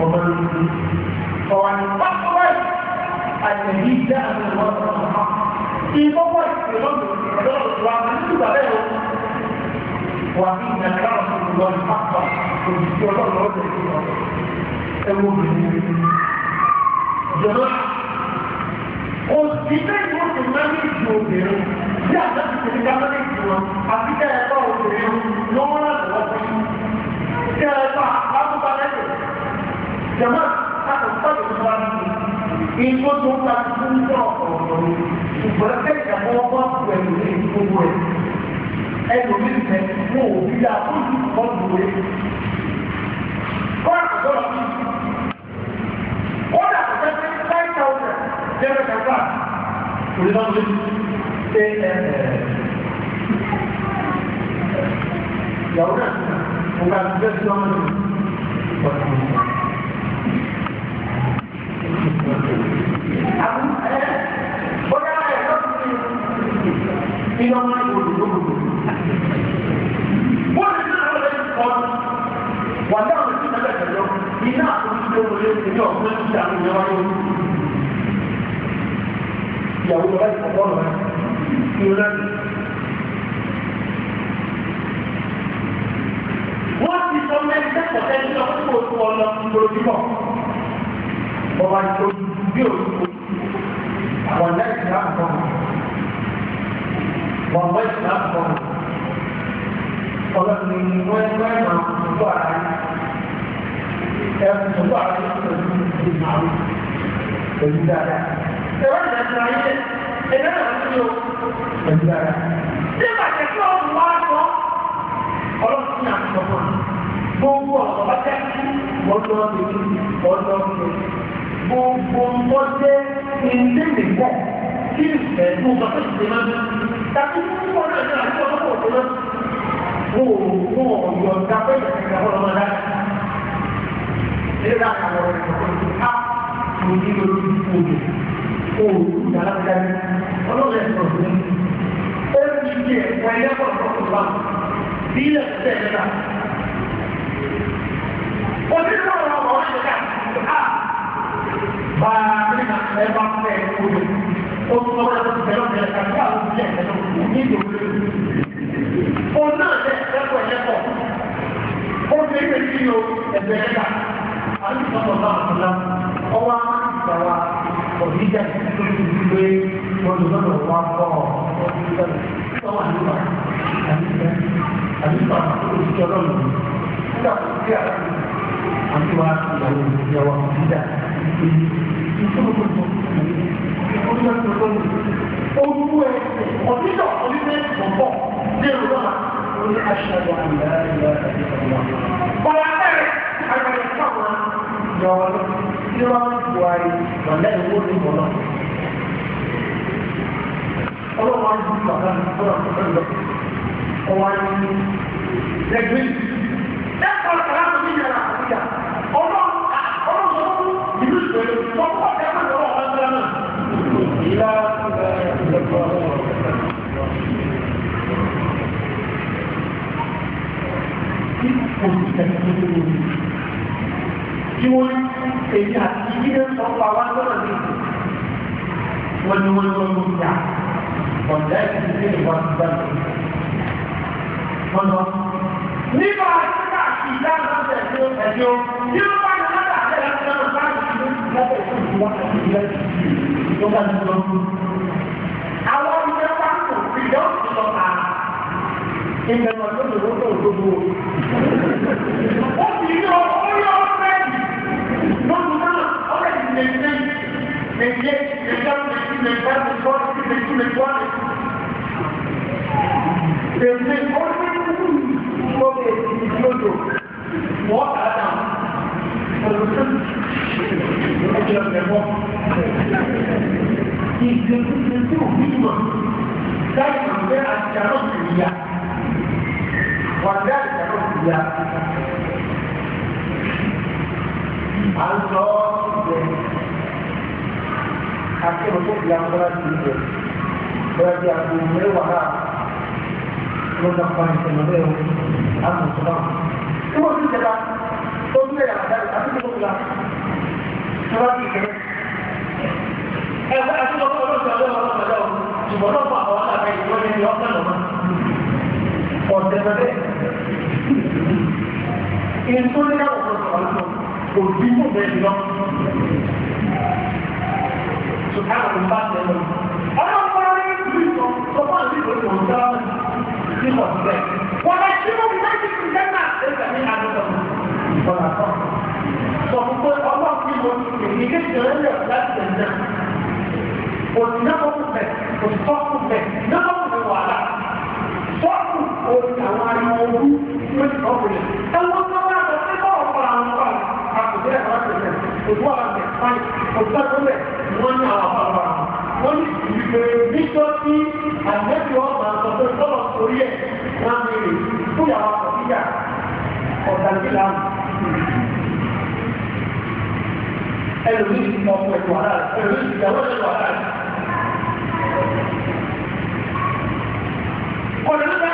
A: ọmọ lójú ọwọ́ ni pápáwá àtẹ̀yí dá àwọn ọmọ ọmọ ìfọwọ́ ìfọwọ́ lọ́dọ̀ wa nínú ìgbàlẹ̀ o wà ní ìgbàlẹ̀ ọ̀sán ìgbàlẹ̀ pápá òjijì ọlọ́run ọ̀dọ̀ ìgbàlẹ̀ ẹ̀wọ̀n mi jama kakọ̀tọ́ yìí wá ní ìgbó tó ń ta fún ìgbọ́ ọ̀rọ̀ ṣùgbọ́n kẹ́kẹ́ mọ́ ọgbọ́n pẹ̀lú ìgbówó ẹ̀ ẹlòmí ìfẹ́ mú òbí dá fún ìkọlù rẹ̀ kọ́ọ̀tù sọ̀rọ̀ wọ́n dà kó fẹ́ fẹ́ five thousand jẹ́rẹ̀ kàkà òdìdánwó ṣe ẹ̀ẹ́ ìyàwó náà mo gbà gbé sí ọmọ ti àwọn èèyàn wáyé ìyàwó lọ láti kọ̀kọ́ lọ ní ọ̀nà wọ́n ti sọ mẹ́ta pọ̀tẹ́ ní ọkọ̀ tó ọlọ ìgbòlódìbọ̀ ọba tó bí òyìnbó àwọn ẹ̀dá ìgbà àkọ́kọ́ wọn bọ́ ìgbà àkọ́kọ́ ọlọ́run ni wọ́n ń wá ìmọ̀ àkókò ara ẹ̀ ẹ̀ àkókò ara ẹ̀ bí màálù pẹ̀lú dáadáa. Ìjọba ìdájọ́ ayé ẹgbẹ́ náà ti yọ pẹ̀lú dáadáa. Ṣé bàjẹ́ kí o wá sọ ọlọ́run ní àtúntò gbogbo ọ̀sán bá jẹ́ kí ọjọ́ ìlú ọjọ́ ìlú gbogbo ọjọ́ ilé nìkọ́ kí ìfẹ̀dù bàtà ìdè máa ń tàbí púpọ̀ náà ní àjọ ọlọ́pàá òkú náà. Wọ́n ò wọ́n ò yọ̀ǹda pé ìyàtọ̀ ìyàwó ọlọ́mọdé léèrè àkàlọ́ ọ̀rọ̀ ìka mo ní lórí omi òòlù dáadáa ọlọ́run ẹ̀sọ́ mi ó ní ilé ẹ̀kọ́ ẹlẹ́kọ̀ọ́ ọ̀pọ̀lọpọ̀ wa bí ilẹ̀ tẹ̀ ẹ̀ náà. Òṣìṣẹ́ ọ̀rọ̀ ọ̀rọ̀ wá ṣe ká a bá a ní ẹ bá fẹ́ omi ó tún ọwọ́ ẹ̀kọ́ ti tẹ̀lé ọ̀rẹ́ ẹ̀ka nígbà tó ti ẹ̀kọ́ tó ní ìdòwúlé. Òun náà lẹ̀ ẹ̀kọ́ ẹ̀kọ́ ó ti ń pè sí ẹ̀bẹ̀ ẹ̀ka àti sọ́kọ̀ sọ́kọ̀tọ́lá ọwọ́ ìgbàwà òdìjà tó ti di pé olùdókòwò wa kọ́ ọ̀ sọ́wọ́ àyíká àyíká àyíká òṣìṣẹ́ ọlọ́run nígbà tó ti àlá àti wa ìyàwó ìyàwó òdìjà ìṣòwòkòtò olùdókòwò olùkú ẹ̀ òdìjà òdìjà ìṣòwò ní ìlú náà ó ní aṣáájú àmì ìlànà ìlànà ìlànà. Bọ̀dá bẹ̀rẹ̀ àgbàdo ìṣàkóso lọ tí wọn buhari lọlẹ ìwé ní mọlọ ọlọ́pàá ń dùn bàbá mi fún ọ̀sán lọ ọwọ́ àti lẹgbẹ ẹ kọ ọ̀sán àti ní ìyàrá àti ìyà ọlọ́pàá ọlọ́pàá ìlú ìgbèrè ọkọ ọjà máa lọ ọba tó lánà. ìlà ìlẹ̀kùn ọ̀rọ̀ ọ̀sán tí wọ́n èyí àti ìdílé sọ pa wá lọ́nà ní ìlú wọ́n ní wọ́n lọ́ọ́ ló yà ọ̀dà ìdílé ní ìwà tó bá lọ. wọ́n lọ. nígbà tí a ti dá lọ́sẹ̀ tó ẹ̀jẹ̀ o tí ó bá yàrá dà lẹ́ lọ́sẹ̀ tó bá ti lọ́ lọ́sẹ̀ tó ti wá àti ìlẹ̀ tó bá ti lọ́. àwọn ọmọdé wa ń lò sí tó lọ pa. ó ti ní ọkọ Non notamment, on a dit les cinq, les pieds, les jambes, les pieds, les bras, les corps, les pieds, les doigts, les pieds. Les pieds, on a dit les jojo. Moi, Adam, ìgbésí òbímọ láì máa fẹ́ àti àrùn ìyá wà láì àrùn ìyá à ń lọ ìgbẹ́ akérò tó di agbára ti ìgbẹ́ bóyá bí aago mẹ́wàá náà ló dá pa ìṣẹ̀lẹ̀ bẹ́ẹ̀ o àmì ìṣúná. tí wọ́n ti jẹba tó ń bẹ̀rẹ̀ àdáyé àti tó ń gbà tó bá ti jẹ́ ẹgbẹ́ àti ọkọ̀ ọlọ́sọ̀ ọlọ́sọ̀ ọlọ́sọ̀ ọlọ́sọ̀ ṣùgbọ́n náà fún àwọn àgbẹ̀ ìwọ́n ní ọ̀sán lọ́mọ. ọ̀sẹ̀ bẹ́ẹ̀ ìtúndínláwọ̀ kò bí lọ. Sùkárà bá tẹ̀ lọ. Ọlọ́pàá rí ìlú ìtọ́ tó bá ìlú ìtọ́ tó bá ní ìlú lè ṣí wọ́n bí láti fi gánà ẹgbẹ́ ní àdúgbò ọ̀nà kan. Sọ fún pé ọlọ́pàá ìlú èyí kékeré lè láti tẹ̀ náà. Òní náà kò bẹ̀, òní tó kò bẹ̀, wàhálà. Fọ́ọ̀kù òní àwọn ariwo ojú ló ti òtún wà láti fáyì òtún tó lẹ̀ wọ́n ní àwọn àpapọ̀ wọ́n ní ìgbè níjọ́ tí àgbẹ̀tì ọ̀gbà àtọ̀tọ̀ sọ̀rọ̀ sórí ẹ̀ láàmì rè fún yàrá kọ̀ọ̀kíyà ọ̀dàgbìlà ẹlòmíì ọmọ ẹ̀kọ́ àrà ẹlòmíì ìyàwó ẹ̀kọ́ àrà. ọ̀dàgbìlà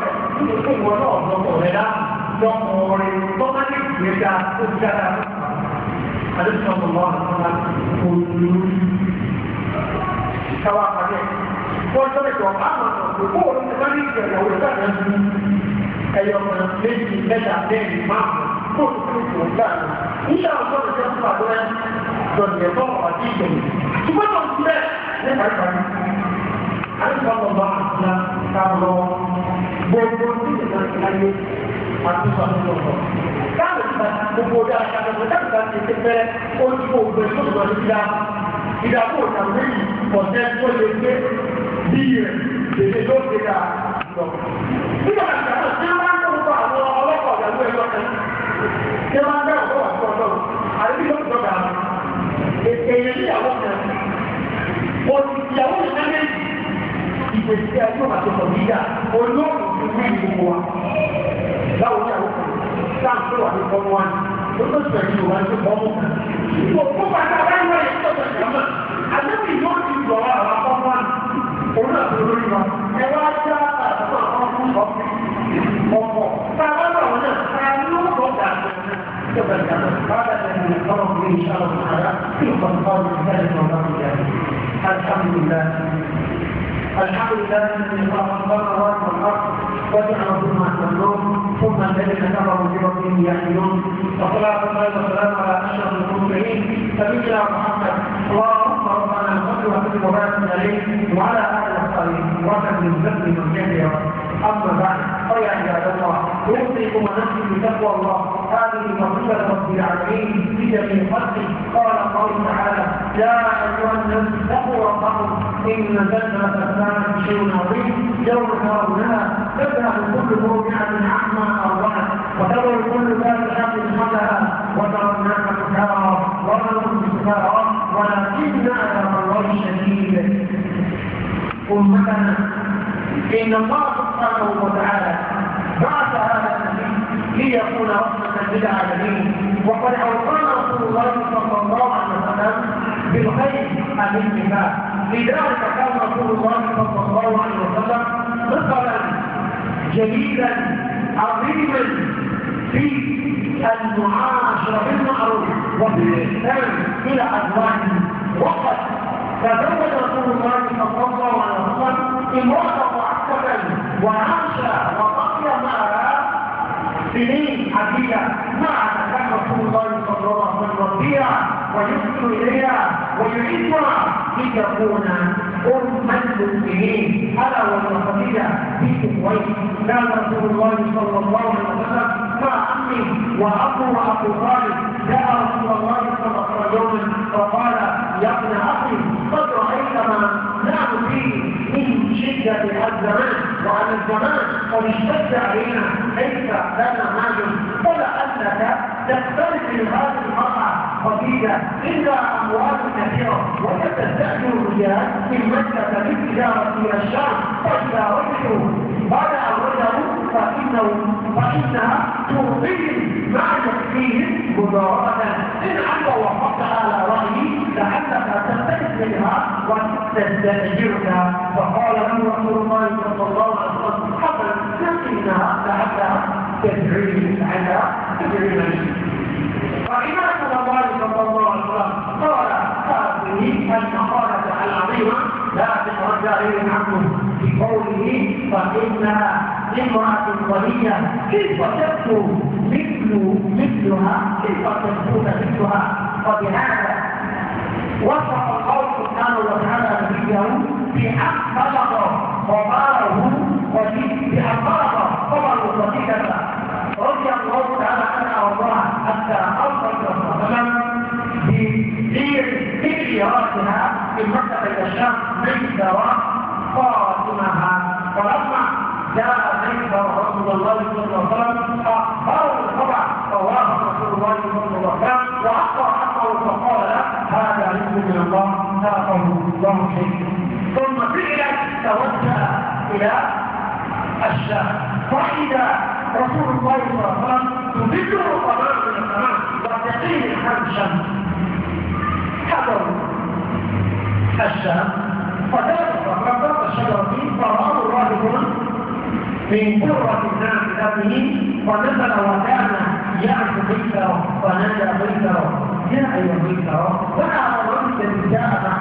A: ti kó wọn náà lọ́kọ̀ rẹ̀ dá lọ́kọ̀ rẹ̀ lọ́kọ̀ ní ìwé dá ó ti dára. Adéṣọ́ mọ̀ wá kó lórí. Káwá pàdé. Wọ́n sọ ètò ọ̀pá àwọn ọ̀pọ̀ kó o ti bá ní ìjẹ̀wọ̀ òwe sáà ní ẹyọ kan méjì mẹ́ta bẹ́ẹ̀ máa kó o ti kó o gbà. Nígbà wo sọ̀rọ̀ ìjọba àgbẹ̀ lọ́dún ẹ̀fọ́ àti ìgbẹ̀yìn àtúntò bá àtúntò ká lọ gbogbo tí ìlú náà ti láyé àtúntò àtúntò lọ. káàmù ìgbà gbogbo dára ká lọ káàmù ìgbà ti ṣe fẹ́ ó ti kó gbé tó lọ sí ìdá ìdá kó ìdá méjì ọ̀sẹ̀ tó lè gbé bí rẹ̀ lè ló ṣe dà lọ. nígbà tí àwọn tí wọ́n bá ń tọ́jú àwọn ọlọ́pàá ọ̀dàlú ẹ̀yọ́ kan tí wọ́n bá ń bẹ̀rù fún ọ̀dọ́ àdébíyọ̀ ìjọba èèyàn níyàwó kan òsì ìyàwó ìgbésí ayé òun àti ọ̀sọ̀ yíyá olóòrùn ti wí gbogbo wa. Báwo ni àwọn sáà ń pè ní fọ́nù wa ni? tó sọ èyí wá sí fọ́nù kan. Ìgbò fún bàtà báyìí wọ́n yẹ kí ọ̀sẹ̀ kàmá. Àdébù ti gbọ̀ wá àwọn fọ́nù wa Òun náà tó wa. Ẹ wá já àtúntò àwọn fún ọ̀pọ̀. Ọ̀pọ̀ sábà bá wọn náà ká ló ń bọ̀ dàgbà náà. Ìjọba ìjàmbá bá dàgbà ní ọlọ́run ní ìṣàlọ́ الحمد لله الحمد لله الذي خلق السماوات والارض وجعل ثم النوم ثم الذين كفروا بربهم يحملون وصلاه الله وسلامه على اشرف المرسلين سيدنا محمد اللهم ربنا صل وسلم وبارك عليه وعلى اله وصحبه وسلم من كثيرا اما بعد فيا عباد الله اوصيكم ونفسي بتقوى الله هذه وصفه رب العالمين في جميع خلقه قال الله تعالى يا ايها الناس إن ذكرت الساعة شيء عظيم يوم ترونها تذهب كل مرجعة عما أرضعت وتذهب كل ذات حق حملها وترونها الناس سكارى وما هم ولكن عذاب الله شديد أمتنا إن الله سبحانه وتعالى بعث هذا النبي ليكون رحمة للعالمين وقد أوصانا رسول الله صلى الله عليه وسلم بالخير الانتفاع لذلك قال رسول الله صلى الله عليه وسلم مثلا جميلا عظيما في المعاشرة بالمعروف وفي الإحسان إلى أزواجه وقد تزوج رسول الله صلى الله عليه وسلم امرأة معقده وعاش وبقي معها سنين عديدة مع كان رسول الله صلى الله عليه وسلم ويحسن إليها ويعيدها لتكون أم المسلمين ألا وهي قبيلة بنت كويس كان رسول الله صلى الله عليه وسلم مع أمي وأبو وأبو طالب جاء رسول الله صلى الله عليه وسلم يوما فقال يا ابن أخي قد رأيت ما نعم فيه من شدة الزمان وعلى الزمان قد اشتد علينا ليس لنا مال ولا أنك تختلف من هذه المرأة خفيفة إلا أموال كثيرة تستأجر الرجال من مكة بالتجارة إلى الشام فإذا رجعوا بعد أن رجعوا فإنه فإنها تعطيهم مع تكفيهم مضاربة إن أنت وفقت على رأيي لعلك تستفيد منها وتستأجرك فقال له رسول الله صلى الله عليه وسلم حقا تقينا لعلها تدعي على تدعي عنه في فإنها امرأة قوية كيف تبدو مثل مثلها كيف تبدو مثلها فبهذا وصف القول سبحانه وتعالى نبيه بأن بلغ خبره بأن بلغ خبره صديقته رضي الله تعالى عنها وارضاها حتى أوصى صلى الله عليه وسلم راسها في منطقة الشام من دواب الله ثم فعلا توجه إلى الشام فإذا رسول الله صلى الله عليه وسلم تبدو قبائل من القمر وتقيل الخمس شمس حضروا الشام فذلك فقدر الشجرة فرأوا الرجل من قرة الناس ذاته ونزل وكان يعرف بيته ونادى بيته يا أيها بيته وأنا أردت أن جاء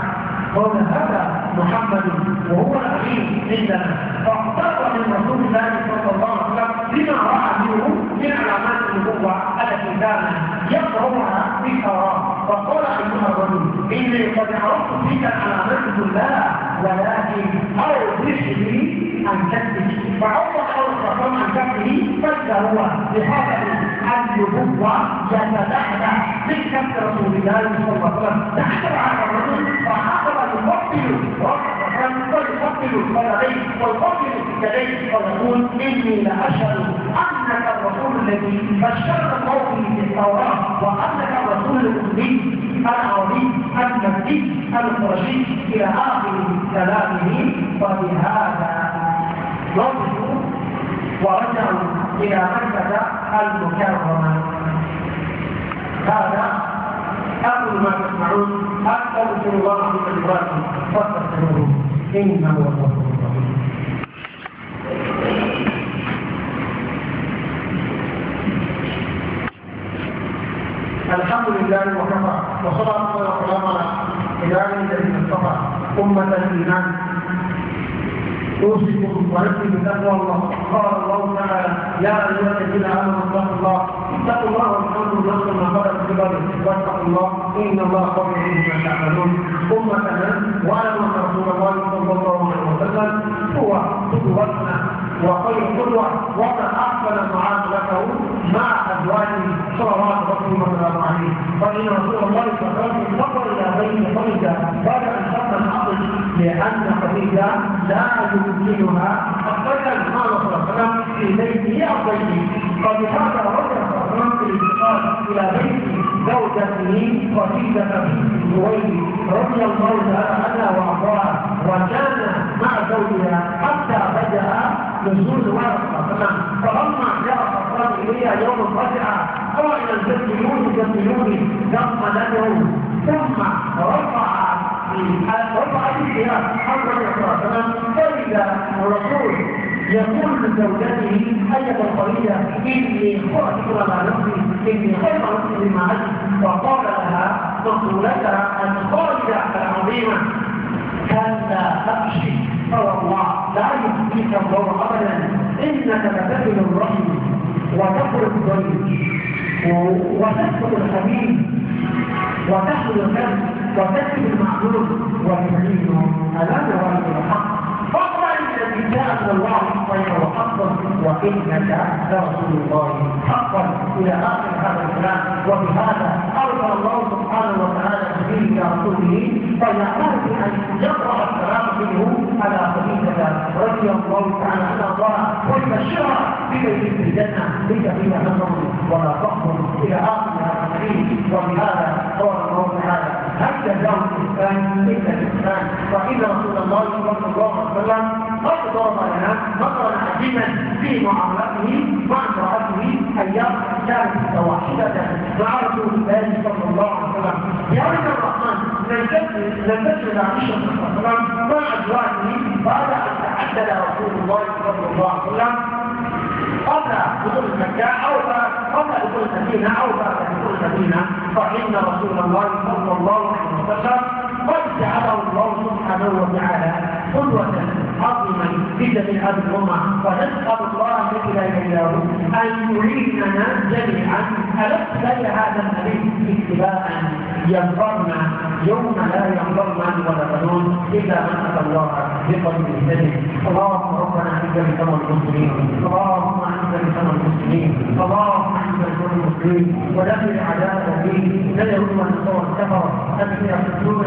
A: قال هذا محمد وهو أخيه عندنا فاقترب من رسول الله صلى الله عليه وسلم لما رأى منه من علامات النبوة التي كان يقرأها بحرام فقال أيها الرجل إني قد عرفت فيك علامات الله ولكن أوضح لي أن تكتب فأوضح الرسول أن تكتب فإذا هو بهذا النبوة يتدخل في كتب رسول الله صلى الله عليه وسلم تحت فعقب المقتل والمقتل فلديه والمقتل كليه فيقول اني لاشهد انك الرسول الذي بشرت قومي بالتوراه وانك الرسول الامي العربي المكي القرشي الى اخر كلامه فبهذا رجعوا ورجعوا الى مكه المكرمه هذا أول ما تسمعون حتى يذكر الله في كلماته فاستغفروه انه هو الحمد لله وكفى وصلى الله وسلم على عباده الذين اصطفى امه الايمان اوصيكم ونفسي بتقوى الله قال الله تعالى يا ايها الذين امنوا اتقوا الله اتقوا الله واتقوا نفس ما قدرت بقدر واتقوا الله ان الله خبير بما تعملون امه واعلم ان رسول الله صلى الله عليه وسلم هو قدوتنا وخير قدوه وما احسن معاملته مع ازواجه صلوات ربي وسلامه عليه فان رسول الله صلى الله عليه وسلم نظر الى بين فرجه لأن قضية لا يمكنها أبدا ما وصلنا في بيته أو بيته فبهذا رجع الرحمن في الانتقال إلى بيت زوجته قصيدة زهير رضي الله تعالى عنها وأرضاها وكان مع زوجها حتى بدأ نزول ورقة فلما جاء الرحمن إليها يوم الرجعة قال الجبليون جبليون ثم له ثم رفع وضع الخلاف عن الرسول صلى الله عليه وسلم يقول لزوجته أية القرية إني خرجت على نفسي إني خير نفسي مما أنت وقال لها مقولتها بطولتها الخارجة العظيمة كلا أمشي فوالله لا يخزيك الله أبدا إنك لتجد الرحم وتخرج الضيف وتدخل الحبيب وتحمل الكلب وتكتب المعلوم والمعين ألا نرى الحق فاقبل الذي جاء من الله خيرا وحقا وإنك لرسول الله حقا إلى آخر هذا الكلام وبهذا أرضى الله سبحانه وتعالى بذلك رسوله فيأمر بأن يقرأ السلام منه على خليفة رضي الله تعالى عنها قال ويبشرها في الجنة ليس فيها نصر ولا فخر إلى آخر هذا الكلام وبهذا قال الله تعالى جزاهم الإنسان إلا الإنسان وإن رسول الله صلى الله عليه وسلم قد ضرب لنا نظرا عظيما في معاملته مع امرأته أيام كانت واحدة مع رسول الله صلى الله عليه وسلم يا أيها الرحمن لم تجد عائشة صلى الله عليه وسلم مع أزواجه بعد أن تعدل رسول الله صلى الله عليه وسلم قبل دخول المكة أو قبل دخول المدينة أو بعد دخول المدينة فإن رسول الله صلى الله عليه وسلم قد جعله الله سبحانه وتعالى قدوة عظيمة في جميع الأمم الأمة ونسأل الله الذي لا إله إلا هو أن يعيننا جميعا على اتباع هذا النبي اتباعا ينظرنا يوم لا ينظر ولا بنون إلا من أتى الله بقلب سليم اللهم ربنا أنت بكم المسلمين اللهم أنت بكم المسلمين اللهم أنت بكم المسلمين ودمر عذاب الدين لا يرد من صور كفر أن يصدون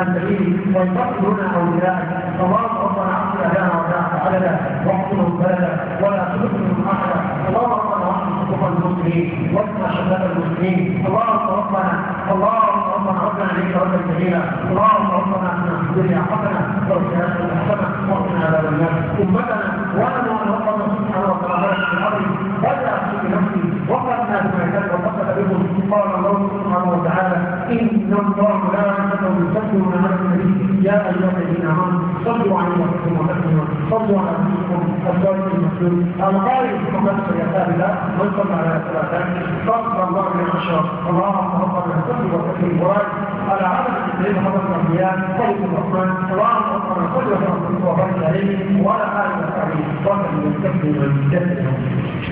A: أن دليل ويقتلون أولياء اللهم ربنا عبد أهلنا وجعل عددا واحكمهم بلدا ولا تشركهم أحدا اللهم ربنا واحكم حقوق المسلمين واسمع شتات المسلمين اللهم ربنا اللهم ربنا ربنا عليك ربا جميلا اللهم ربنا اهدنا في الدنيا حسنة وفي الآخرة حسنة وقنا عذاب النار أمتنا ولنا أن ربنا سبحانه وتعالى في الأرض بدأ في نفسي وقد ما تمكن وقد به قال الله سبحانه وتعالى إن الله لا يعلم يصلوا على النبي يا أيها الذين آمنوا صلوا عليه وسلموا تسليما صلوا على نبيكم الصالح المسلوب القائل محمد صلى الله عليه وسلم من صلى على ثلاثة صلى الله عليه وسلم اللهم ربنا صل وسلم وبارك على عدد الذين حضروا الأنبياء خلق الرحمن اللهم ربنا صل وسلم وبارك عليه وعلى آله وصحبه وسلم تسليما
B: كثيرا